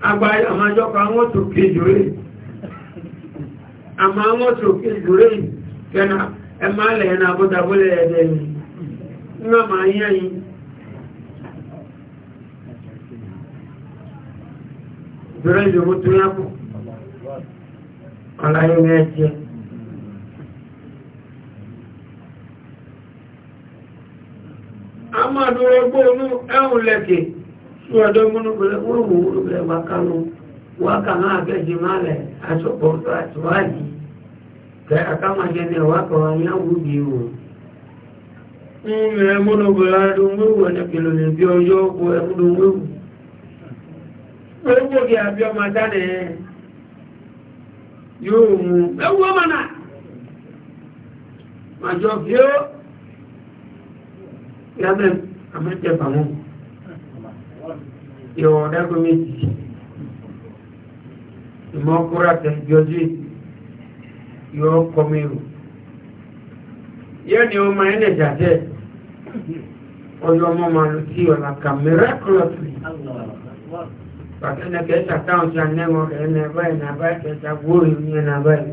àgbà àmájọ́kọ àwọn tòkè zureis àmà àwọn tòkè zureis kẹ́nà ẹ máa lẹ̀yìn náà bó na yìí ńlá máa yẹ́ yìí zureis ló mú tó yàpọ̀ ọ̀la yóò ní máa dúró gbó inú ẹ̀hùn lẹ́kẹ̀ sí ọ̀dọ́ múnúgbẹ̀lẹ̀ múnúgbẹ̀lẹ̀ wá kánú wá kà máa bẹ́jì máa lẹ̀ aṣọ́pọ̀ àtiwájì kẹ́ akámàjẹ́ ní ọwá kan ayáwó bí o mẹ́ múnúgbẹ̀lẹ̀ adúnwéwò ẹ̀nẹ́kìlò ní bí ọjọ́ ọkọ̀ ẹ̀múdúnwéwò orúkọ kí àbí ọmọ dáná ẹ̀ yóò mú ẹwọ́ mọ́nà màjọ fi ó problem amẹ́tẹ̀ bàmú yọ ọ̀dẹ́gbẹ́ méjì ìmọ̀ kúrò àtẹ̀jọ́jú yọ ọkọ̀ mẹ́rù yóò ní ọmọ ẹni jàjẹ́ ọjọ́ ọmọ máa lò sí ọ̀nà kà miraculously pàtẹ́nà kẹta táwọn ti anẹ́wọ̀n rẹ̀ ẹ̀nà báyìí nà báyìí kẹta gbóòrò ìyẹn nà báyìí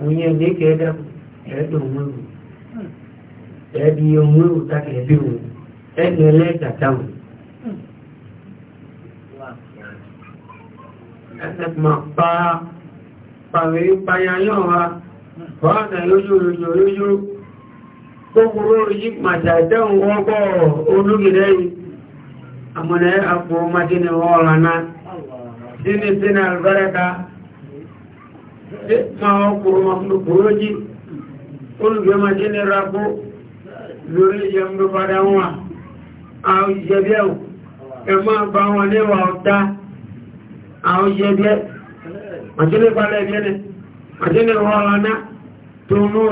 òun yẹn ní kẹ́ẹ̀dẹ́kù ẹ̀ẹ́dùn mọ́lù ẹbí ohun ewu tàbí ẹbí ohun ẹni ẹlẹ́gàdáhùn. Ẹsẹ̀kùnmọ̀ pa pàwẹ̀ ìpayà yàn wa, bọ́ọ̀nà lójú lójú lójú, yí màtà ìdẹ́hùn olúgidẹ́ yìí, àpò sínú sínú máa ọkùnrin lórí jẹun tó padà wọn àwọn ìjẹbẹ́ ò ẹ máa bá wọn léwà ọ̀tá àwọn ìjẹbẹ́ àjẹ́lẹ̀ padà ìjẹ́lẹ̀ àjẹ́lẹ̀ wọ́n ọ̀nà tó mú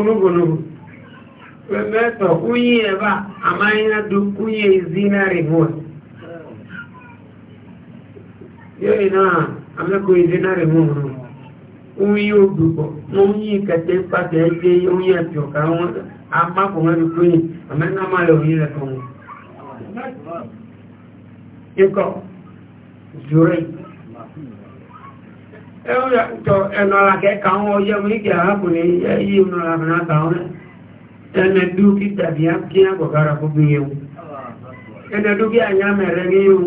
mẹ́tọ̀ kúnyí ẹ̀bá àmáyínádó kúnyí ìzínárì náà àmẹ́ná máa lè òyìn rẹ̀ kan ikọ̀ zurẹ̀ ẹnu ọ̀la kẹ́kà àwọn ọjọ́ méjì àákùnrin yí ẹnu ọ̀la mìíràn kàwọn ẹnẹ dúkítà bí á kí àgbọ̀gára gbogbo yẹun ẹnẹ dúkítà yá mẹ́rẹ̀ ní yóò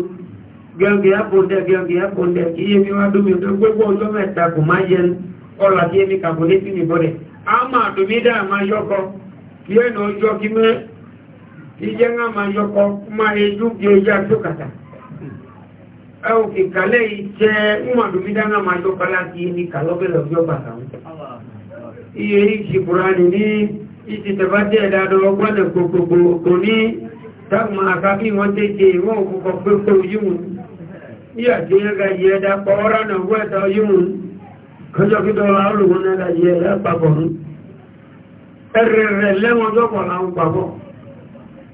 gẹ́gẹ́ àpòndẹ̀ gẹ́gẹ́ àpòndẹ̀ kí yé mi wá dúmi tó gbogbo ọjọ́ mẹ́ta kò má yẹn ọ̀la kí yé mi kàbọ̀ ní sí nìbọ̀dẹ̀ á máa dùn mí dáa kí ẹnu ìjẹ́ngá máa yọkọ̀ máa ejú bí ojú àtúkàtà ẹ̀wọ̀n kìkàlẹ̀ ìjẹ́ ìmọ̀dúnmídáná máa yọkọ̀ láti ní kàlọ́bẹ̀lẹ̀ ọjọ́ bàtà iye ìṣìkúra ní ní ìtìtẹ̀bá jẹ́ ẹ̀dàdọ̀ ọgbọ́nà gbogbogbò kò ní dákùnmọ̀ àkábí wọn tẹ́jẹ ìwọ̀n òkùnkọ̀ pẹ́pẹ́ oyíhun ìyàjẹ́ ẹ̀gà yẹ ẹ̀dà pọ̀ ọ́rá náà wẹ́ẹ̀ta oyíhun kọjọ́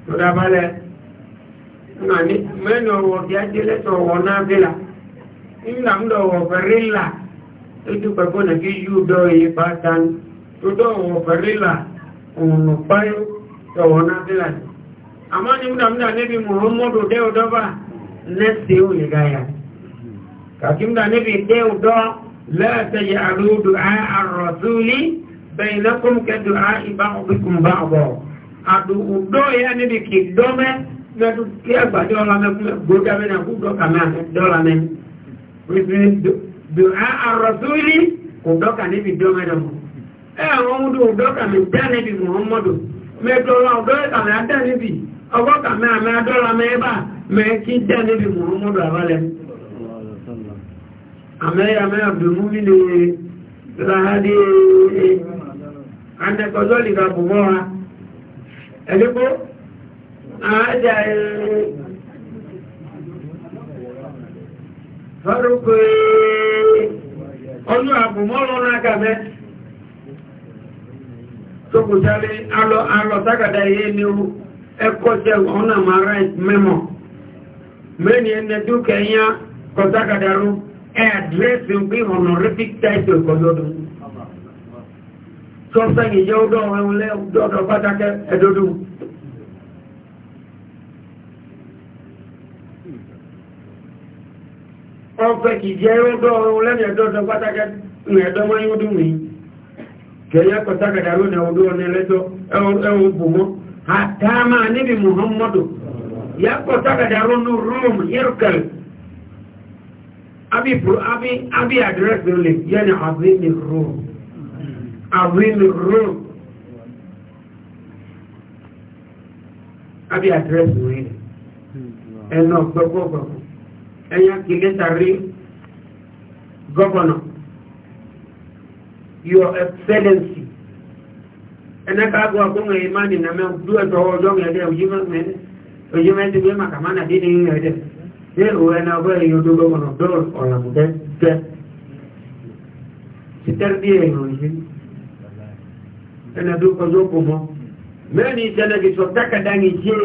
tọ́dábálẹ̀ nani mẹ́nu ọwọ́ bí ajẹ́lẹ̀ tọ́ ọwọ́ náà bí la nígbà ń lọ ọwọ́ fẹ́rẹ́ là ètò pẹ̀kọ́ náà kí yú dọ́ iye bá tán tó dọ́ ọwọ́ fẹ́rẹ́ là òun páyó tọ̀wọ́ náà bí la àmọ́ nígbà ń lọ níbi muhammadu dẹ́ ọdọ́bà nẹ́sì òye gáyà kàkí ń àdùkùdọ́ yá níbi kì dọ́mẹ́ mẹ́tù kí àgbàdé ọlá mẹ́kúnlẹ̀ gbódá mẹ́rin àkúdọ́ kàmá dọ́là mẹ́rin dùhá àrọ̀súlì kò dọ́kà níbi dọ́mẹ́ dọ́mọ́ ẹ̀ àwọn ọmọdé òdọ́kà mi dá níbi muhammadu mẹ́tọ́lá òdọ́kà mi dá níbi ọgọ́kà mi àmì adọ́là mẹ́bà mẹ́ kí dá níbi muhammadu àbálẹ̀ àmẹ́yà mẹ́ àbdùmúmi lè ráhádé ẹ̀ ẹ̀dẹ́gbó àájá fọ́rùkú ọdún àbùmọ́rún náà mẹ́ tó kò sáré alọ́ tágàdá iye ẹkọ́ jẹ́ ọ̀nà mara mẹ́mọ̀ mẹ́ni ẹni dúkẹ̀ yá kọ̀ rú ẹ̀ àdírẹ́sì ń sọ́sẹ́yìn jẹ́ ọdọ́ ẹ̀hún lẹ́ọ̀dọ́ pátákẹ́ ẹ̀dọ́dù ọ̀fẹ́ kì jẹ́ ọdọ́ ẹ̀hún lẹ́ọ̀dọ́ pátákẹ́ ẹ̀dọ́mọ́ yóò dùn mí kẹ̀yẹ́ pàtàkàdà ló ní ọdọ́ ẹ̀lẹ́dọ́ ẹ̀hún bù mọ́ àtàmà níbi muhammadu yà pàtàkàdà ló ní rome yẹ́rùkẹ̀l abi àdírẹ́sì lè yẹ́ ni àbí ní rome àwìn rúm àbí àdírẹ́sì rí ẹ̀nà gbogbogbò ẹ̀yà kìlẹ́ta rí gọ́gọ́nà your excellency ẹ̀nẹ́ká gbọ́ ọkùnrin ìmáni na mẹ́ ojú ẹ̀tọ́ ọjọ́ mẹ́rẹ́ ojú mẹ́rin gbé makamana dé ní ẹ̀dẹ̀ ní òwe ẹ̀nà ọgbọ́ ẹ̀yìn ojú gọ́gọ́nà dọ́ọ̀rọ̀ ọ̀rọ̀ ina duka zo kuma meni tana ki so taka dangi je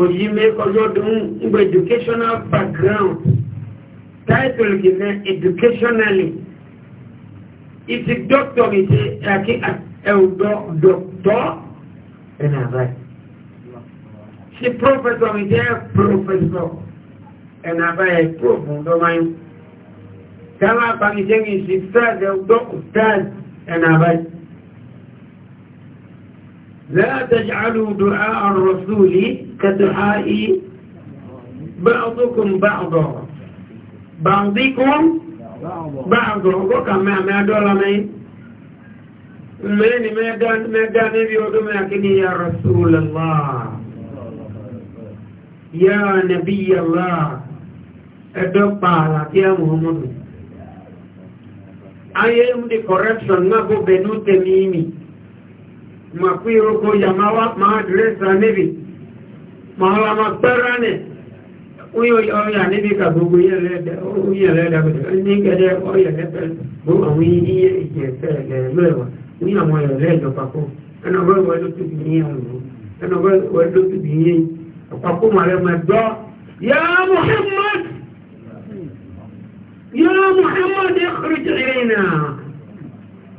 oyi me ko zo dun ngo educational background title ki na educationally iti doctor ki te aki eu do doctor ina vai si professor ki te professor ina vai profundo mai kama bangi jengi si ustaz eu do ustaz ina vai لا تجعلوا دعاء الرسول كدعاء بعضكم بعضا بعضكم بعضا وكما ما دولا مين مين ما قال ما قال نبي يا رسول الله يا نبي الله أدقى على يا محمد أيام دي كوركشن ما بو بنو تميمي ma fi roko yamawa ma diresa níbi ma ọlá ma pẹ́rẹ́ ní ọyà níbi ka gbogbo yẹ̀lẹ́dẹ̀ ní gẹ́dẹ́ ọyà lẹ́fẹ́ gbogbo àwọn iye ìjẹ̀fẹ́ lẹ́ẹ̀lẹ́wà ní àwọn ẹ̀rẹ́ ìjọpapọ̀ ẹnà ọgbẹ́ ìwẹ́ ló tóbi ní ọ̀rọ̀ ẹnà ọgbẹ́ ìwẹ́ ló tóbi ní ọ̀papọ̀ màrẹ́ mà gbọ́ yá muhammad yá muhammad ẹ̀kọ́rọ̀ jẹ́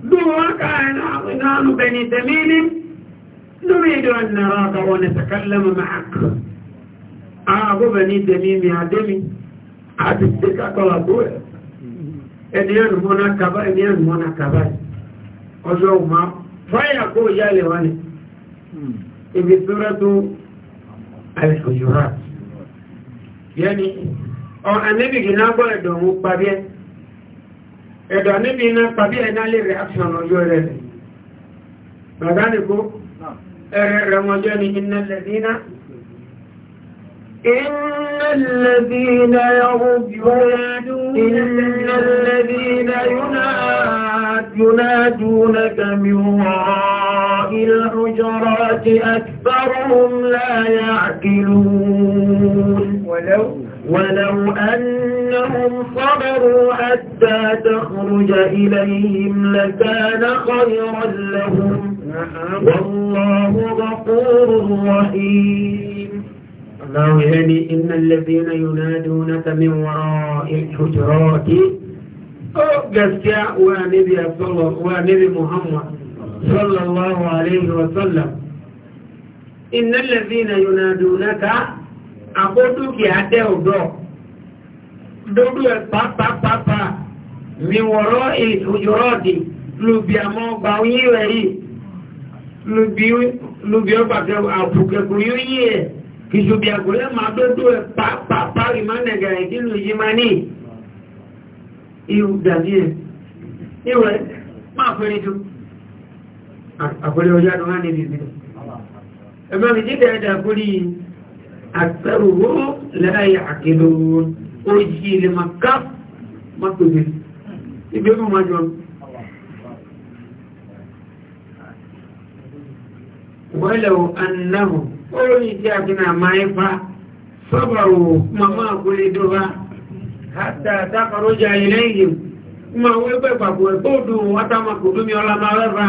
دورك أن أعطنان بني تميم نريد أن نراك ونتكلم معك أعطوا بني تميم يا دمي أعطيك أطلبوه ẹniyàn mọ́nà kaba ẹniyàn mọ́nà kaba ọjọ́ ọmọ fáyà kó yálẹ̀ wá ní ibi tóra tó alìkòjúra yẹni ọ anẹ́bìgì náà gbọ́rẹ̀ dọ̀wọ́ parí ẹ́ ẹ̀dọ̀ níbi iná tàbí ẹ̀dá lè reaction ọjọ́ rẹ̀ rẹ̀ mẹ́gáníkó ẹ̀rẹ̀ rẹ̀ wọ́n jẹ́ ni iná lẹ́dínà إن الذين ينادونك من وراء الحجرات أكثرهم لا يعقلون ولو ولو أنهم صبروا حتى تخرج إليهم لكان خيرا لهم نعم. والله غفور رحيم الله يعني إن الذين ينادونك من وراء الحجرات قسيا ونبي, ونبي محمد صلى الله عليه وسلم إن الذين ينادونك àbódúkìá dẹ́ ọ̀dọ́ dodo ẹ̀ pàápàápàá mi wọ̀rọ̀ ìjọ́rọ̀dì lùbí àmọ́ ọgbà oyin rẹ̀ yìí lùbí ọgbà àbùkẹ̀kùn yóò yí ẹ̀ kìsùbí àgùlẹ̀ máa dodo ẹ̀ pàápàápàá ìmọ̀nẹ̀gà ìdílù yìí máa ní ìhù dàbí ẹ̀ ìwẹ̀ máa fẹ́rẹ̀ tó àkọlẹ̀ ọjọ́ àdúrà níbi ìbílẹ̀ ẹ̀gbọ́n mi jíjẹ́ ẹ̀dà kúrí yìí àtẹ́rùwó lẹ́yà àkìlò òjì ilẹ̀ maka mọ́tòdé ibi ọmọ ma jọ wọ́lẹ̀wò annáhù orí tí a fi náà máa ń fa sọ́bàwò mamá àkúlé dọ́bá hátà dákọrọjà ilẹ̀ yìí ma wọ́n pẹ́ pàpọ̀ ẹ̀kọ́ òdùn wátámakò lómi ọlá máa rẹ́fà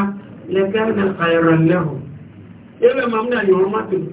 lẹ́kẹ́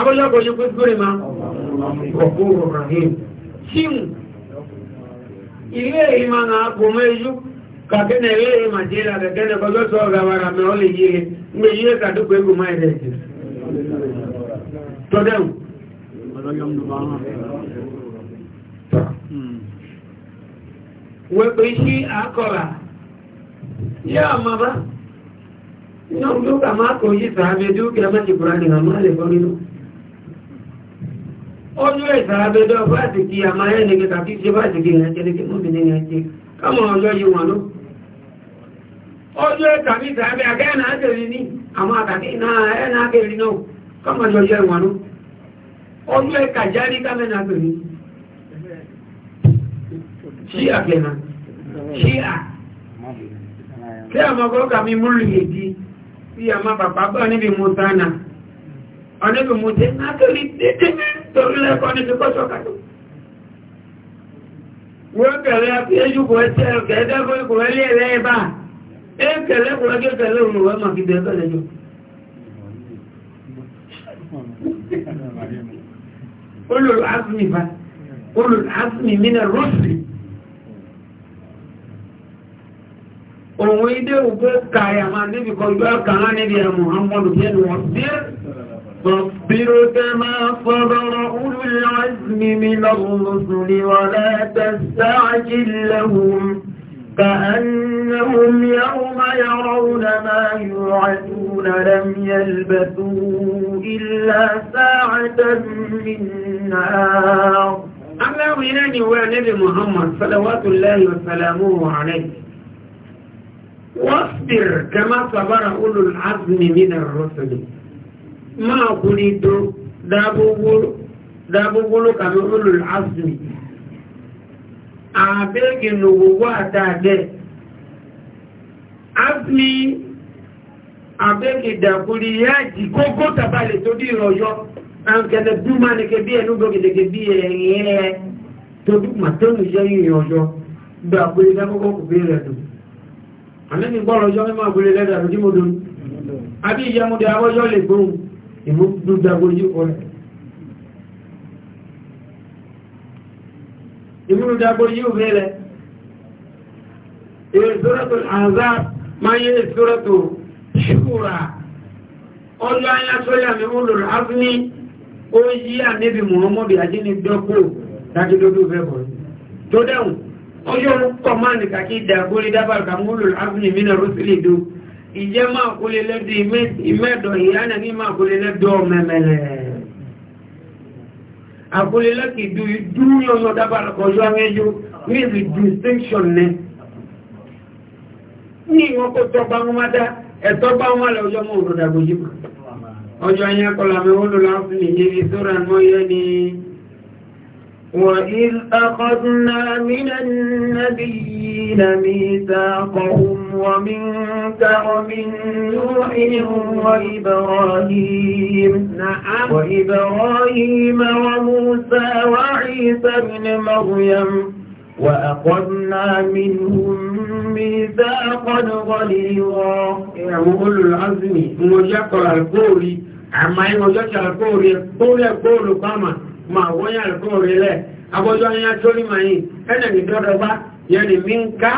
abọ́lọ́gbọ́ ṣe pé gbóre ma ọ̀pọ̀ rahim tíìmù ilé ìmá na àpò méjú kàkẹ́nà ilé ìmá tí ìlà kẹ́kẹ́nà kọjọ́ sọ ọ̀gáwàrà mẹ́ ọ lè yí rẹ̀ mẹ́ yí rẹ̀ kàdúkọ ẹgbù máa ẹ̀rẹ̀ ẹ̀jẹ̀ tọ́dẹ̀wù wẹ́pẹ́ sí àkọ́rà yá àmàbá ní ọdún kà máa kò yí sàábẹ́ dúkìá mẹ́ ti kùrá nìkan máa lè kọ́ nínú ọjọ́ ẹ̀sà abẹ́dọ́ fásitì àmáyẹ́nìkẹ́ tàbí ṣe fásitì ìrìnàjẹ́lẹ́kẹ́ mọ́bìnrin ẹ̀jẹ́ kámọ̀ ọjọ́ yìí wà ló ní àwọn àtàkì ọjọ́ yìí wà ló ọjọ́ ẹ̀kà járí kọ́kà mi múlù yèdí bí àmọ́ bàbá bọ́ níbi mo sánà torí lẹ́kọ́ ní ti kọ́ṣọ́ kàtó. wọ́n kẹ̀lẹ́ àti ẹjúkọ̀ ẹ̀tẹ́ kẹ̀ẹ́dẹ́ fún ikùn ẹlẹ́ ẹ̀rẹ́ bá ẹ kẹ̀lẹ́ kùnrin kékeré òun wọ́n máa fi bẹ̀ẹ́ bẹ̀rẹ̀ jọ. olùlù asmi fa olùlù asmi mina rọ́ọ̀sì. òun idé òkú kàyà máa débi kọjú àkàrà níbi ẹ̀ muhammadu bẹ́ẹ̀ ni wọ́n bẹ́ẹ̀. فاصبر كما صبر أولو العزم من الرسل ولا تستعجل لهم كأنهم يوم يرون ما يوعدون لم يلبثوا إلا ساعة من نار أما غناني هو نبي محمد صلوات الله وسلامه عليه واصبر كما صبر أولو العزم من الرسل máa kúrìdó dábúgbúrú kàmí olùlásìmì àbẹ́gì lòwòwò àtàdẹ́ asmi àbẹ́gì dàkúrí yáàjì kókó tàbálẹ̀ tó na ìrọ̀yọ́ àǹkẹ̀lẹ̀ búmá ní kẹbí ẹnú gbogidẹ̀gẹ̀ bí ẹ̀yìn ẹ̀ tó dúkùmà tó ń jẹ́ ìrọ̀yọ́ gbàgbé lákòókò kò bí rẹ̀ dùn àmì ní gbọ́rọ̀ yọ́ mímọ̀ àgbélé lẹ́dà lójúmọ́dún ìmúdúdágbó yí kọ́ rẹ̀ ìmúdúdágbó yí òfin rẹ̀ ìrìnsúrẹ́tò àzá máa yẹ ìsúrẹ́tò ṣúra ọjọ́ ayásọ́yà mímúlò ráfíní ó yí àníbi mọ̀ọ́mọ́bì àjínibdọ́gbò láti dódó fẹ́ bọ̀ tó dẹ̀hùn ọjọ́ orúkọ máa nìkàkí ìdàgbórí dábàrùkà múlò ráfíní mínà rúsílì dókù ìjẹ́ máa kó lè lẹ́dọ̀ ìmẹ́dọ̀ ìyánà ní máa kó lè lẹ́dọ̀ mẹ́mẹ́lẹ̀ àkólélẹ́kì dúnyọ̀nà dábàrà kọjọ́ ẹjọ́ ní ìrì distinction ní ní wọ́n kó tọ́gbà wọn má dá ẹ̀tọ́ bá wọn lẹ ọjọ́ mọ́ òdòdàgbòjì ọjọ́ ayẹ́kọ́lá mẹ́wọ́n lọ́la fún ìyẹ́ ní mọ́ yẹ́ ni. وإذ أخذنا من النبيين ميثاقهم ومنك ومن نوح وإبراهيم نعم وإبراهيم وموسى وعيسى بن مريم وأخذنا منهم ميثاقا غليظا يعني العزم وجاك الكوري عما يوجد الكوري كل الكوري كما ma wọ́n yà lọ́kùn orílẹ̀ abọ́jọ́ ayá tórí ma yìí ẹnà ní dọ́dọ̀bá yẹni minka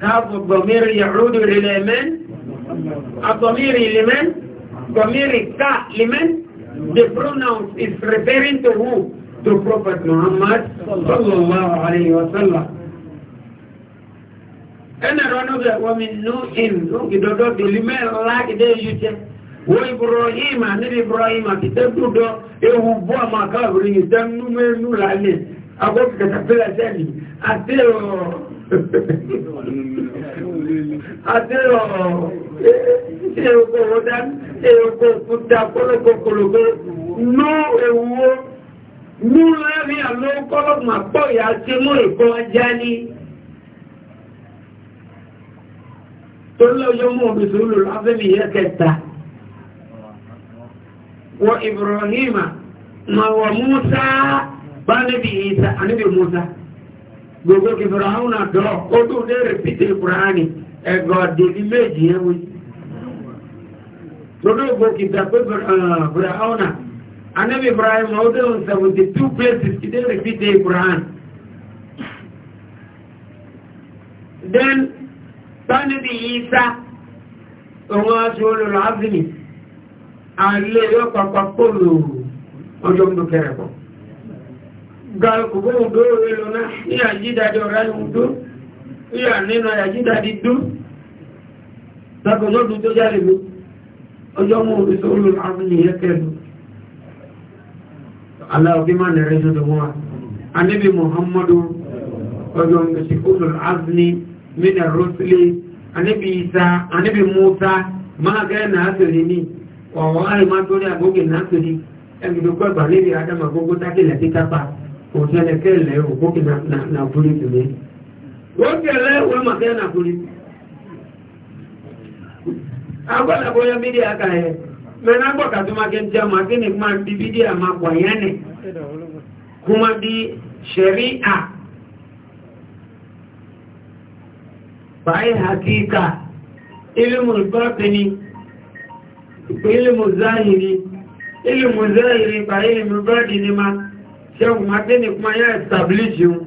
káàbù gbọmírì ká the pronoun is referring to who to prophet muhammad sallallahu alayhi wa sallam ẹnà rọ́nà wọ́n mi nú in lókè dọ́dọ̀ dòlímẹ́ lákìdẹ́ yìí jẹ́ wo ibrahim anibi ibrahim àti tẹ́gbùdọ́ ewu bọ́ àmà káàkiri ìtẹ́nu mẹ́nu lálẹ́ agbókè kẹtàpílẹ̀ sẹ́ni àti ọ̀rọ̀ àti ọ̀rọ̀ ẹ̀ẹ́kọ̀ ọ̀dá ẹ̀ẹ́kọ̀ òkúta kọ́lọ́kọ́kọ́lọ́gbé ló ewúwo ní lẹ́rí àlọ́ kọ́lọ́gbà pọ̀ ìyá tí mú ìkọ́ ajá ní tó lọ́yọ́ mọ̀ bìsúlù láfẹ́ mi yẹ́ kẹta وإبراهيم ما وموسى بنبي عيسى نبي موسى gbogbo kìfìrà àwọn àdọ́ ó tó lè rìpítì ìkùránì ẹ̀gọ́ dèbí méjì ẹwì gbogbo kìfìrà pé fìrà àwọn anábì ibrahim ó dé on 72 places kìdé rìpítì ìkùránì then tánibì yìí Isa, òun aṣọ olùrọ̀ azmi alẹ́ yọ pàpà pòlò ọjọ́ ń dókẹ́ rẹ̀ pọ̀. Gàlùkù bó ń dó orí lọ náà, ìyà jídàdì ọ̀rá ìhùn dó, ìyà nínú àyà jídàdì dó. Lábọ̀ lọ́dún tó jáde ló, ọjọ́ mú orí ń gbèsè olù azmi mínà rọ́sílẹ̀, anábì Isa, anábì Musa, máa gẹ́ náà ní ọ̀wọ́n àìmá tó rí àgbógbè náà pè ní ẹgbẹ̀dọ́gbọ́ ẹgbà lérí adama gbogbo tákìlẹ̀ tí kápa òṣèlè kẹ́lẹ̀ ògbógbè náà fúrí tùmí gbógbèlẹ̀ wọ́n màkẹ́ náà fúrí agbọ́dàgbọ́yọ́ bídí aka ẹ̀ mẹ́rin agbọ́kà tó máa kẹ́ ń jẹ́ máa kí ni máa di bídí àmà pọ̀yánì kó máa di ṣẹ̀rí à báyìí hakíkà ilé mùsùlùmí ilimin zahiri ilimin zahiri ba ilimin ni ma kuma kuma ya establish yun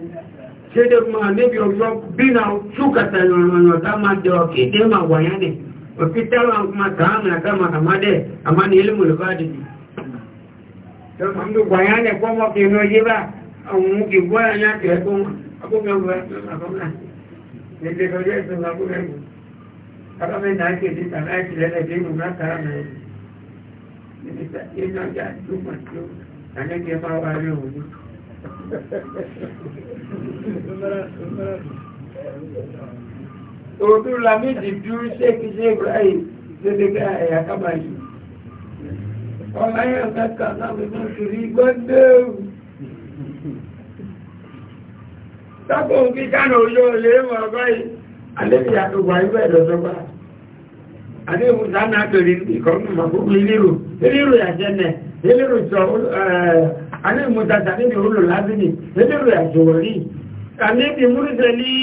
sai da kuma maybe bi na ṣúkàtà ìrànlọ́nà a ma jẹ ma wà yá dẹ̀ òfin tẹ́wọ̀n kuma ma ka àmádẹ́ àmá ka ilimin badini sai kuma ndú wà yá kama mimi na yake nita na yake lele dinu Ini tak, ini nak jadi juma tu ane ke ma wa yo ni Odu la mi di dúró saya, kí ṣe Ibrahim ṣe lè ká ẹ̀yà kábà yìí. Ọ̀la yẹn mẹ́ta náà mi mú kiri gbọ́dọ̀. Sábò àlẹ́bí àtúgbà ibẹ̀ lọ́sọ́gbà àdéhùn sáà torí ìkọ́nù màkúkú ilérò ilérò yàjẹ́nẹ̀ ilérò sọ àdéhùn tàtà níbi olù lábínì ilérò yàjọ̀wọ̀rí àníbi múrùsẹ̀lí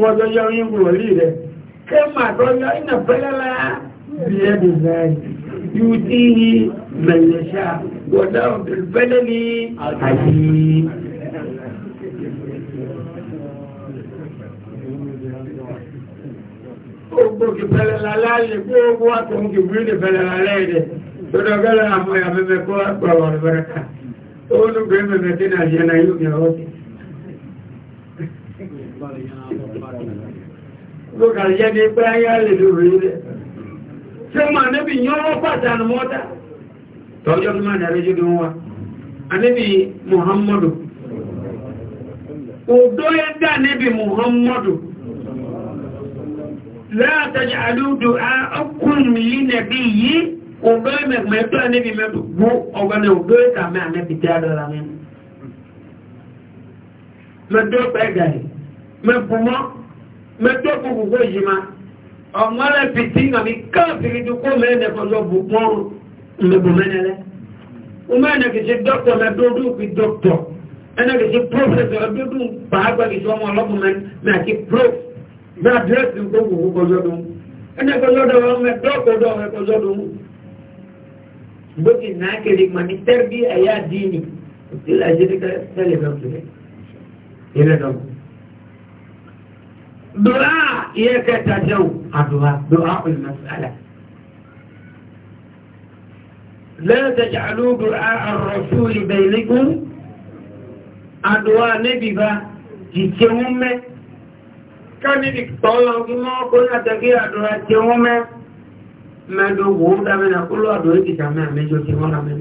wọ́dọ̀yọ ìwòrí rẹ̀ kẹ́mà tọ́jọ́ iná pẹ́lẹ́lá bí ẹbí náà yóò tí mẹ̀lẹ́ṣà wọ́dọ̀ pẹ́lẹ́lí àyíká òkè fẹ́lẹ̀ láláyè kó owó àtòun kì wí ní fẹ́lẹ̀ láláyè rẹ̀ tó dọ̀gẹ́lẹ̀ àmọ́ ìyàmẹ́mẹ́ kó àpàwọ̀ àrùbáraka ó mẹ́mẹ́ tí nàìjíríà jẹ́ ní pé ayá lè lórí rẹ̀. Tí Muhammadu. لا تجعلوا دعاءكم لنبي وبما ما يطلع نبي ما بو او بنا وبيت ما نبي تعالى لامين ما دو بغاي ما بوما ما دو بو بوجما او ما لا بيتين مي كافر دو كو ما نه فلو بو بون ما بو ما نه وما انا كي دكتور ما دو دو في دكتور انا كي بروفيسور دو دو باغا كي سوما لوكمان ما كي بروفيسور ní àdírẹ́sì tó kù kú kọjọ́dún ẹni kọjọ́dún ọmọ ẹ̀dọ́ kọjọ́ ọmọ ẹ̀kọjọ́dún gbókì náà kiri mani tẹ́rbí ẹ̀yà díìnì tí làjíríkà tẹ́lẹ̀ náà fi ilẹ̀ náà dùrá iye kẹta jẹun àdùrá dùrá olùmọ̀sálà lẹ́yìn tẹ̀jà ló dùrá àrọ̀sù ìbẹ̀lẹ́gùn àdùrá nẹ́bí bá jìjẹun mẹ́ kani ikpɔlɔ ki mɔ ko nata ki ado ati wɔn mɛ mɛ do wo dame na kolo ado eti ta mɛ ame dzo ti wɔn la mɛ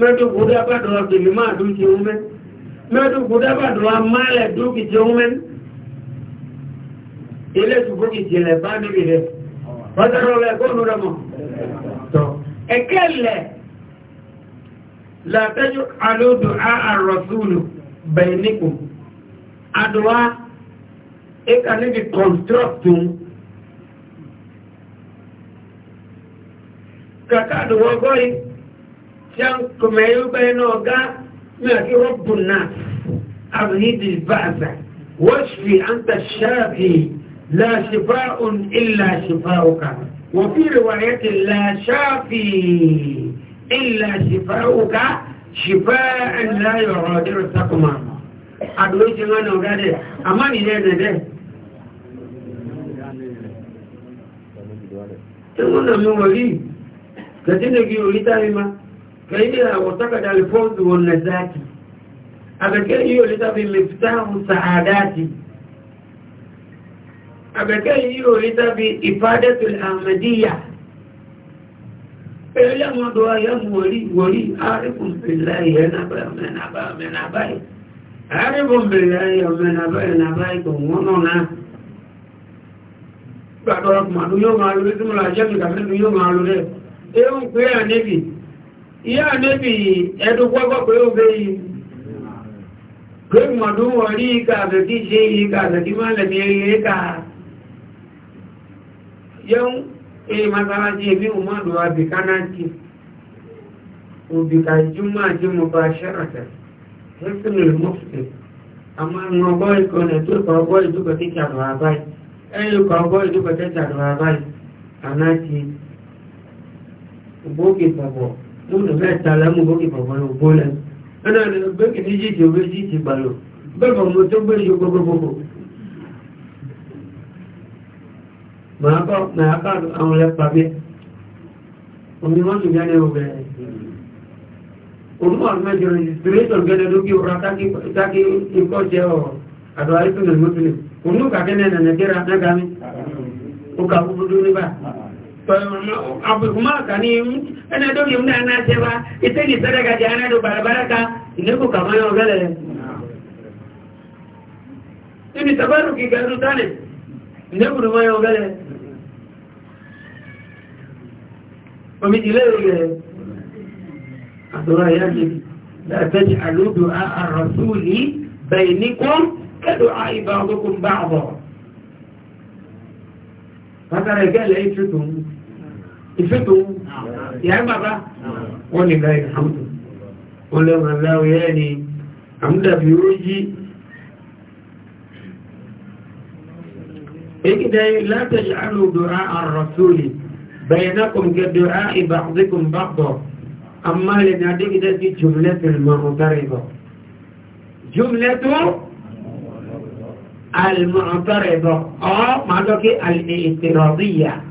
mɛ do wo daba do abili ma do ti wɔn mɛ mɛ do wo daba do ama lɛ do ki ti wɔn mɛ ele tu ko ki ti lɛ la tɛju alo do a arɔsulu bɛniku adowa e ka ne bi constructing kaka do wogoi chan kumeyu be no ga me ki rabbuna abhid al ba'sa washfi anta shafi la shifaa'un illa shifaa'uka wa fi riwayati la shafi illa shifaa'uka shifaa'an la yughadiru saqama adwo jinga no ga de amani de de tengona miwali katina giolitaima kaila wataka alfonzi wanazaki akakia hiyo litafi miftahu saadati akakia hiyo litafi ifadatu lahmadia ila madoa ya mwali wali arifu billahi amenabai arifu billahi amenabai amenabai kumwonona gbàdọ̀rọ̀ màdún yóò máa lórí tí mo là jẹ́ ìgbàmẹ́lú yóò máa lórí ẹ̀ ń pè é ànẹ́bì ìyá ànẹ́bì ẹ̀dùn pọ́pọ́ pé ó gbé yìí pé màdún wọ̀ rí ìka àbẹ̀kí ṣe ìka àbẹ̀kí máa lẹ̀mí ìka yẹun èyí masárájí èmi ò máa lò àbìká náà ti òbìká ìjúmọ́ àti mo bá ṣẹ́rọ̀tẹ̀ lẹ́sìn ìlú mọ́fìtì àmọ́ àwọn ọgbọ́ ìkọlẹ̀ tó kọ ọgbọ́ ɗaya kwangwar duka ta tarbaban a nati boke fabo nuna mai talamu boke fabo na bolan ana da boke ni ji ce bai ji ce balo bai ba mutum bai shi gogo gogo ma aka àwọn lẹ́pàá bí omi wọ́n tún gẹ́lẹ́ ọgbẹ̀ òun wọ́n mẹ́jọ ìsìnrẹ́tọ̀ gẹ́lẹ́ lókè ọ̀rá tákí ikọ́ jẹ́ ọ̀rọ̀ àdọ́ àìsàn ìmọ́tìlẹ̀ òun kà kí nẹ́nà nàìjíríà nágami ọkà gbogbo níbà abùkùnmá kà ní ẹnà tó yìí múnà náà ṣe wá ìtẹ́ ní sẹ́dẹ̀gà jẹ́ anáàdù bàràbàràkà ìlẹ́kù kàmọ́ yọ gẹ́lẹ̀ níbi tàbárù kì gẹ̀rù tánì ìlẹ́kù kàmọ́ yọ gẹ́lẹ̀ omi ilé rẹ̀ àtọ́rọ̀ yá jẹ́ láti àlúdù àrọ̀sùlì bẹ̀ẹ̀ كدعاء بعضكم بعضا هذا رجال ايه فتهم فتهم يا عم بقى قول لله الحمد قول لهم الله يعني حمد بيوجي إيه لا تجعلوا دعاء الرسول بينكم كدعاء بعضكم بعضا أما لنادي كده دي جملة المغتربة جملة المعترضة أو معك الاعتراضية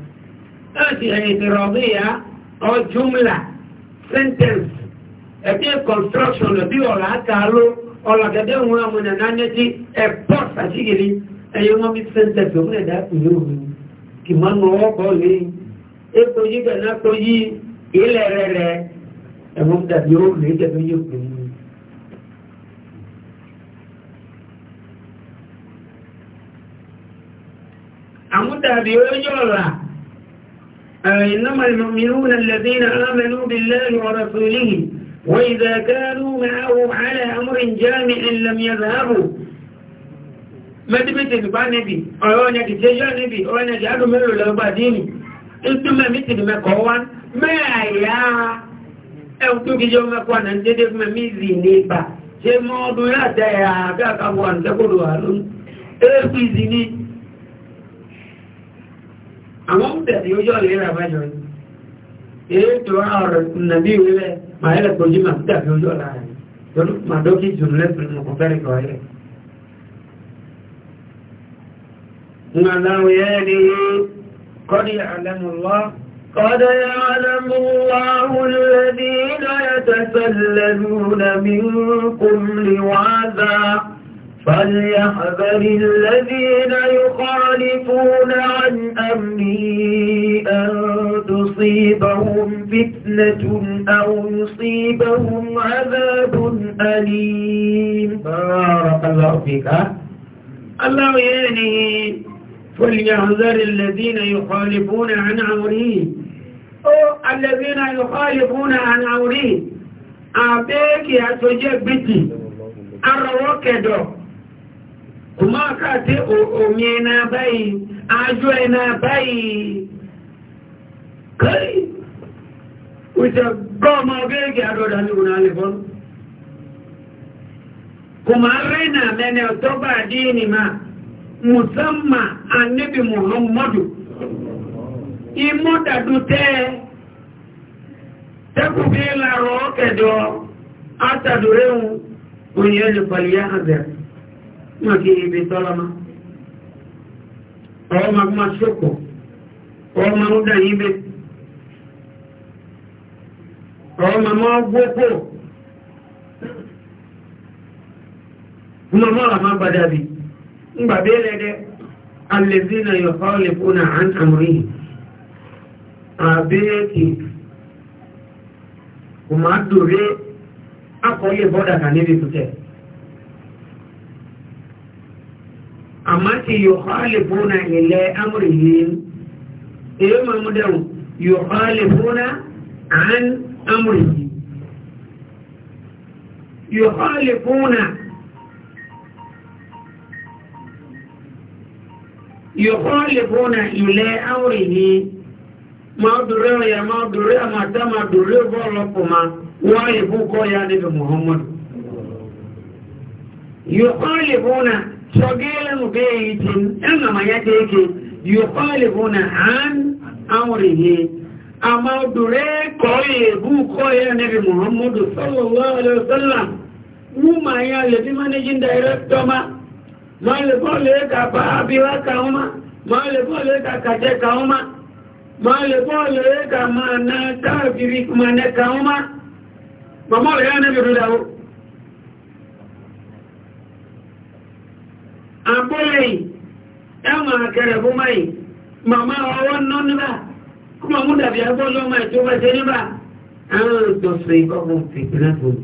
الاعتراضية أو جملة sentence ẹbí construction ẹbí ọ̀rọ̀ àkàlò ọ̀làgẹ́dẹ́ òun àwọn ẹ̀nàánẹ́jì ẹ̀pọ̀ sàṣígìrì ẹ̀yẹ wọ́n bí sentence òun ẹ̀dá ìlú òun kì máa ń wọ́n bọ́ lé epo yí bẹ̀rẹ̀ náà tó yí ilẹ̀ rẹ̀ rẹ̀ ẹ̀wọ́n dàbí ó lè jẹ́ tó yí òun àmúdàbí olóyọ́ ọ̀rà إنما المؤمنون الذين آمنوا بالله ورسوله وإذا كانوا معه على أمر جامع لم يذهبوا ما تبتد بقى نبي أولا كتجا نبي أولا جعلوا ملو لأبا ديني إنتم ما متد ما قوان ما يا أو توكي جو ما قوان أنت دف ما ميزي نيبا شيء موضوع لا تيا كاكا قوان تقولوا هلون إيه في زيني àwọn bẹ̀rẹ̀ ojú ọ̀lẹ́ ìràbájọ́ ètò ààrẹ̀ nàbí ìwélẹ̀ máa ẹ̀lẹ̀ pọ̀jú máa ń dàbí ojú ọ̀lá rẹ̀ lọ́dún máa dókí jùlọ lẹ́sùn ọkọ̀ fẹ́rẹ̀ kọ̀ ẹ̀lẹ̀ قد يعلم الله الذين فليحذر الذين يخالفون عن أمره أن تصيبهم فتنة أو يصيبهم عذاب أليم بارك الله فيك الله يعني فليحذر الذين يخالفون عن أمره أو الذين يخالفون عن أمره أعطيك يا سجيب بيتي أروك دو kuma ka te omi na bayi ajo e na bayi kai wuce goma oge ga ado da ni wuna alifon kuma raina mene otoba adini ma musamman annabi muhammadu imodadu te takubi laro kedo atadurehun onye nufali ya hazari náà kí ibi tọ́lọ́mọ́ ọwọ́ ma kúmọ̀ ṣòkò ọwọ́ ma ń dà yíbe ọwọ́ ma mọ́ gbókò kúmọ̀ mọ́ àmà gbàdàbí ngbà bẹ́ẹ̀rẹ̀ dẹ́ alẹ́zínà yọ̀ fáwọlẹ̀ fúnà àn àmúrí àbẹ́ẹ̀kì kùmọ̀ àdúrẹ́ akọ̀ọ́lẹ̀ bọ́dà kà níbi kùtẹ̀ amati yukhalifuna ila amrihim ima mudawu yukhalifuna an amrihim yukhalifuna yukhalifuna ila amrihi maudureo ya maudureo mata maudureo volokuma waibuko ya nabi muhammad yukhalifuna شغيلا بيت إنما يديك يخالفون عن أمره أما دريك ويبوك يا نبي محمد صلى الله عليه وسلم مما يالذي مانجين دايركتما ما لبوليك أبابيوك أما ما لبوليك أكتك أما ما لبوليك أما نتابريك ما نكا أما فما يا نبي رلاو àbúrẹ̀ ẹmà kẹrẹ̀ fún báyìí màmá ọwọ́ ná níbà kó màmú dàbí agbọ́lọ́mà tí ó bá ṣe níbà àwọn ìjọsìn ìkọ́kùn fìtínà fún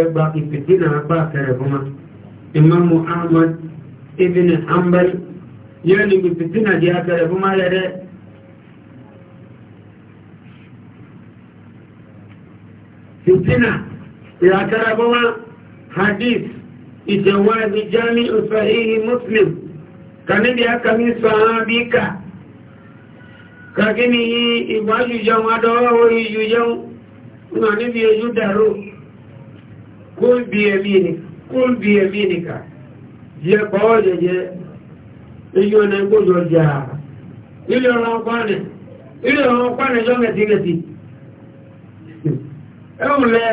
ẹgbà ìfìtínà apá kẹrẹ̀ fún ma imamu ahmad ibn hanbal yóò ní ìfìtínà di akẹrẹ̀ fún ma lẹ́dẹ́ fìtínà ìyàkẹrẹ̀ fún ma hadith بجواز جامع صحيح مسلم كان بيها من صحابيك كاكني إباجو جمع دواء ويجو جمع يعني بيجو دارو كل بيمينك كل بيمينك jẹ́ kọ́ jẹjẹ iye ọ̀nà ìgbójọ jà ilé ọ̀rọ̀ ọpánẹ̀ ilé ọ̀rọ̀ ọpánẹ̀ jọ́mẹ̀ tí lẹ́ti ẹ̀hùn lẹ́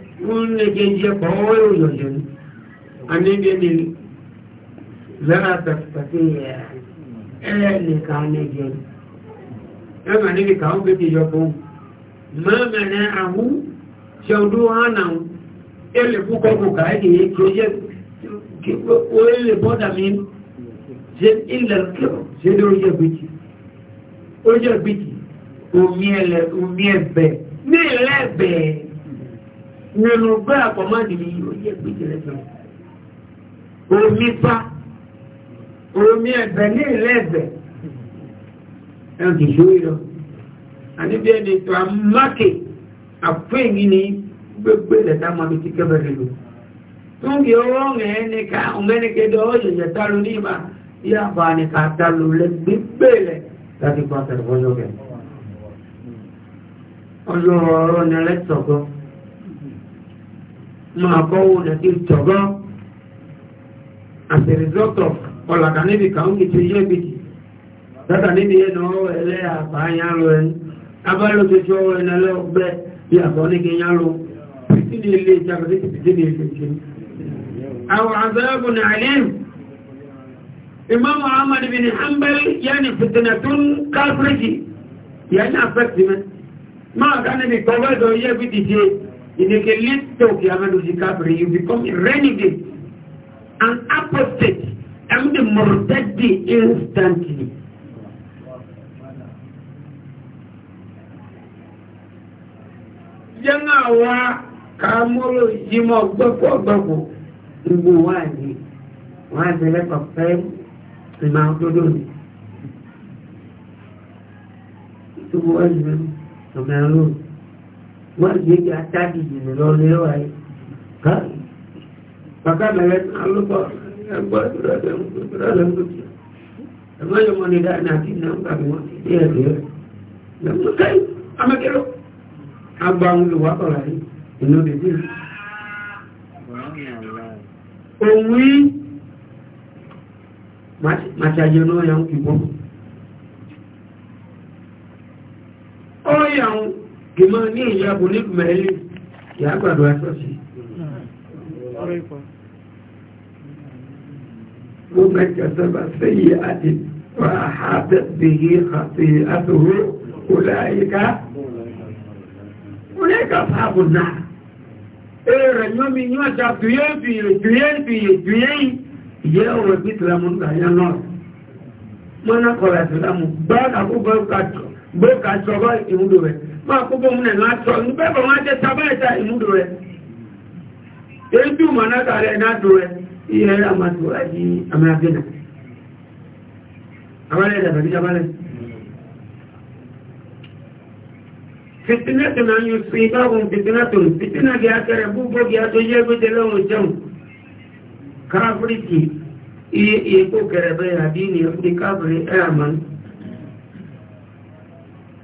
mun ne genje ko wayo yojen anibe ni lana tafsiya eh ni ka ne gen ema ni ka o bi yo ko ma mana ahu shaudu hana ele bu ko ko ka ni projet o ele boda min je illa ko je do je biti o je nínú bẹ́ẹ̀ àpọ̀mọ́dì ni ó yẹ pé jẹ́ lẹ́sẹ̀ omi pa omi ẹ̀bẹ̀ ní ilẹ̀ ẹ̀bẹ̀ ẹ̀rùn kì í ṣó yọ àníbi ẹni tó a mákè àpò èyí ni gbégbé lẹ́tà máa fi ti kẹ́bẹ̀rẹ̀ lò tún kì ó wọ́n ẹ̀ ní ká ọmọdékẹ́dọ̀ ọ̀yẹ̀yẹ̀ tá ló ní ìbá yá bá ní tá ló lẹ́ gbégbé lẹ̀ láti pàtàkì ọjọ́ kẹ ọjọ́ ọ̀rọ̀ ni ẹlẹ́tọ̀ọ́ máa bọ́wọ́ nàdí ìtọ̀gọ́ as a result of ọ̀làkà níbi kàúnkì tí yé bìtì dátà níbi yẹn náà ọwọ́ ẹlẹ́ àbáyá lọ ẹni abáyọ̀ tó tí ọwọ́ ẹni ẹlẹ́ọgbẹ́ bí àbọ̀ ní kí yá lọ pìtì ní ilé ìjàkadì imam muhammad bin hanbal yẹni fìtìnà tó ń káfíríkì yẹni affect mi máa ká níbi In the list of Yamaduzikabri, you become a renegade, an apostate, and the mortaddi instantly. Jẹ́nà wa ká múlò yímọ̀ gbọ́gbọ́gbọ́gbọ́ gbogbo wà ní wọ́n á bẹ̀rẹ̀ pàpẹ́ ìmọ̀ òdodo ni. Gbogbo wà ní ọmọ ẹlòmíràn. mọ́jì kí atájì jìnnà lọ lé wa yìí bàbá mẹ́rẹ́ alùpọ̀ ẹgbẹ́ ìrọ̀lẹ́ ẹgbẹ́ yóò mọ́ ní dáadáa kí ní ọgbà mi wọ́n ti dé ẹ̀dẹ́ náà yà ń ó yà ń kì máa ní ìyàbò ní mẹ́lì ìyàgbàdo ẹ̀sọ́sì mo mẹ́kẹ̀ sọ́bà sẹ́yí àti pàhátẹ́bìyí àti àtòwò òláyíká òláyíká fàábù náà ẹ̀rẹ̀ yọ́mi yọ́ jà tuyé fìyè tuyé fìyè tuyé ìyẹ́ ọ̀rọ̀ máa kó bóun nẹ̀ máa tọ́ ní bẹ́ẹ̀ bọ̀ máa jẹ́ sábáyìta ìmúdò rẹ̀ èyí bí ìmọ̀ náà kàrẹ̀ náà dò rẹ̀ iye àmàdò àjí àmì àgbẹ̀nà abálẹ̀ ìdàbàdí abálẹ̀ fitinatu na yi fi báwọn fitinatu fitina gẹ́ akẹrẹ gbogbo gẹ́ tó yẹ gbé tẹ́lẹ̀wọ̀n jẹun káfíríkì iye kó kẹrẹ bẹ́ẹ̀ àdínì ẹ̀fúrí káfírí ẹ̀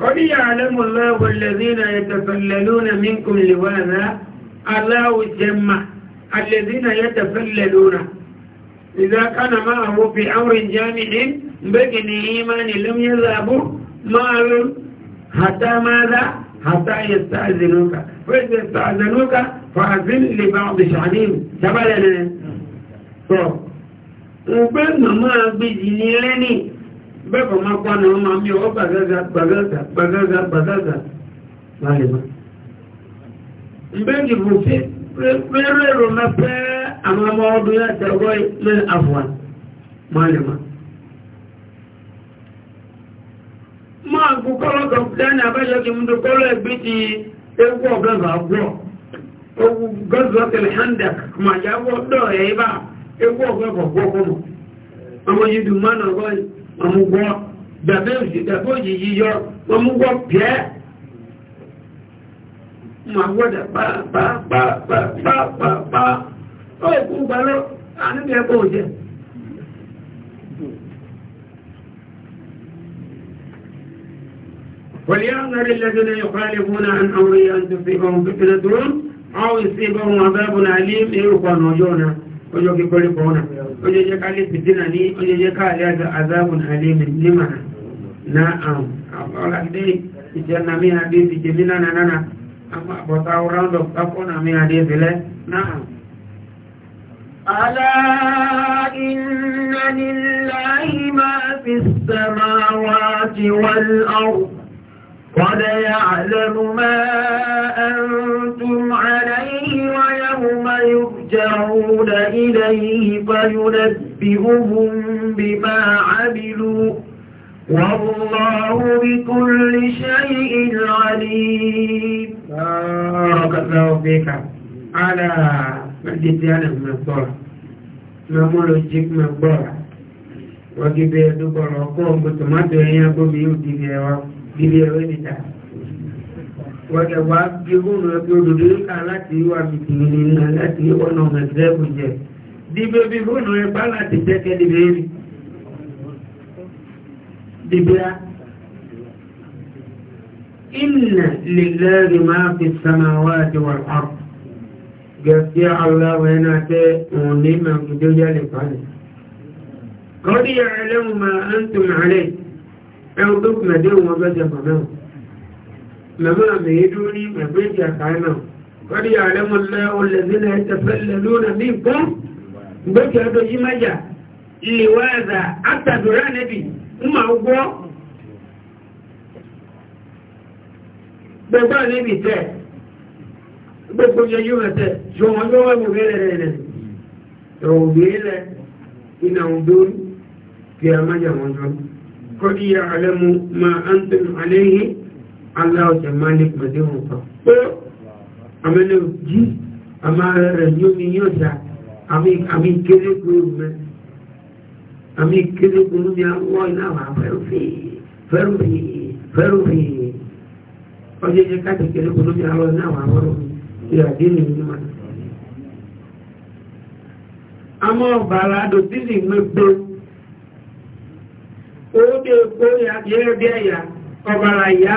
قد يعلم الله الذين يتفللون منكم لواذا الله جمع الذين يتفللون إذا كان معه في أمر جامع بين إيمان لم يذهبوا معه حتى ماذا حتى يستأذنوك فإذا استأذنوك فأذن لبعض شعبهم تبالنا وبين ما بجني لني bẹ́ẹ̀kọ̀ máa pa náà máa mí ọ gbàgáza gbàgáza gbàgáza gbàgáza lálẹ́mọ́ mbẹ́ẹ̀kì bò fẹ́ pẹ́ẹ́rẹ́ rò máa pẹ́ àwọn ọdún yá tẹ́gbọ́ ilé àfọ̀à lálẹ́mọ́ máa kú kọ́lọ́ kọ̀pútẹ́nì abẹ́jọ́ kí yìí dùn mánà ọmụgwọ dàbẹ́ òjì yíyọ ọmụgwọ pịa ma gwọdà pàápàápàápàápàá ó kú gbalọ àníbi òjẹ́ oyo ki kori kona oyo je kali fitina ni oyo je kali azabun halim lima na'am afala dai ijanna mi hadithi jimina na nana ama bota round of tapona mi hadithi le na'am ألا إن لله ما في السماوات والأرض قد يعلم ما أنتم عليه ويوم يبقى يرجعون إليه فينبئهم بما عملوا والله بكل شيء عليم بارك الله فيك على مجدنا من الصلاة نقول الجيك من الصلاة وجب يدبر وقوم بسمات ويقوم يوتي بيوا بيوا بيوا wọ́dẹ̀ wá bí ogún rẹ̀ bí olùdó ká láti wà fìtìmìlì náà láti ọ̀nà mẹ̀sẹ̀kù jẹ dìbẹ̀ bí ogún rẹ̀ bá láti jẹ́kẹ́ dìbẹ̀ rí dìbẹ̀ á inna lillahi ma fi samawati wal ard gaskiya Allah wa yana ta wani mai لما ميدوني مبيت يا كاينا قد يعلم الله الذين يتفللون منكم بك هذا جمجا لواذا حتى درا نبي ما هو بابا نبي تاه gbogbo yẹyí mẹ́tẹ̀ ṣe wọ́n yọ́ wọ́n bèèrè rẹ̀ rẹ̀ ẹ̀wọ̀n bèèrè iná ọdún kí a máa jẹ wọn jọ kọ́ díyà alẹ́mú ma ń tẹ̀lé aláwọ̀tẹ̀ máa lè pẹ̀lú ohun kan pé àmẹ́lẹ̀ jí àmà rẹ̀ yóò ní yóò dá àmì kéré kúrò mẹ́ àmì kéré kúrò ní àwọ̀ ìlànà fẹ́rùfì fẹ́rùfì fẹ́rùfì ọjọ́ jẹ́ káàkiri kéré kúrò ní àwọ̀ ìlànà àwọ̀rọ̀ ìyàdí ni mímọ́ àmọ́ bàrà àdò tí lè mẹ́gbẹ́ ó dé kó yẹ bí ẹ̀yà ọ̀bàrà yá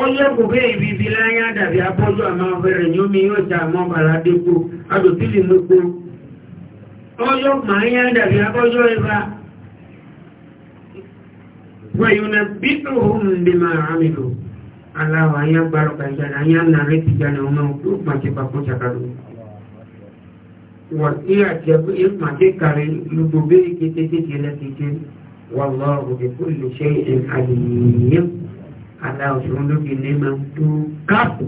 onye bụbe ibibili anya adabi abụjụ amavere nye ome ihe oji amabara dịkwu adụpilimkpo onye ma anya adabi abụjụ ebe a wayunabbi'uhum bima 'amilu aláwọ̀ ayá gbárò kàìjáde ayá nà rí ti jáde ọmọ òkú pàtí papọ̀ ṣàkàrò wọ̀n tí àti ìpàdé kàrí lùgbò bí i kété kété lẹ́kẹ̀ẹ́ wọ́n lọ́rùn bí kò lè ṣe ìhàlìyàn ala usundo kinema tu kapu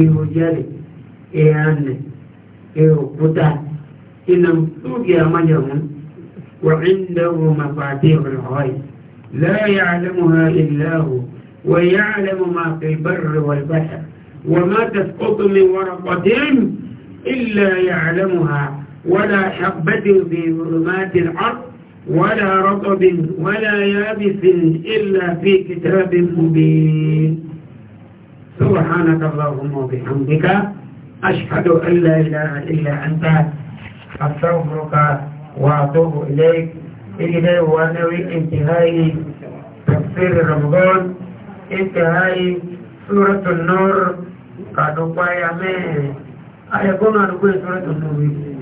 ihujali eane eokuta ina mtungi ya majamu وعنده مفاتيح الغيب لا يعلمها إلا هو ويعلم ما في البر والبحر وما تسقط من ورقة إلا يعلمها ولا حبة في ظلمات الأرض ولا رطب ولا يابس إلا في كتاب مبين سبحانك اللهم وبحمدك أشهد أن لا إله إلا أنت أستغفرك وأتوب إليك إلى ونوي انتهاء تفسير رمضان انتهاء سورة النور قد قايمة أيكون نقول سورة النور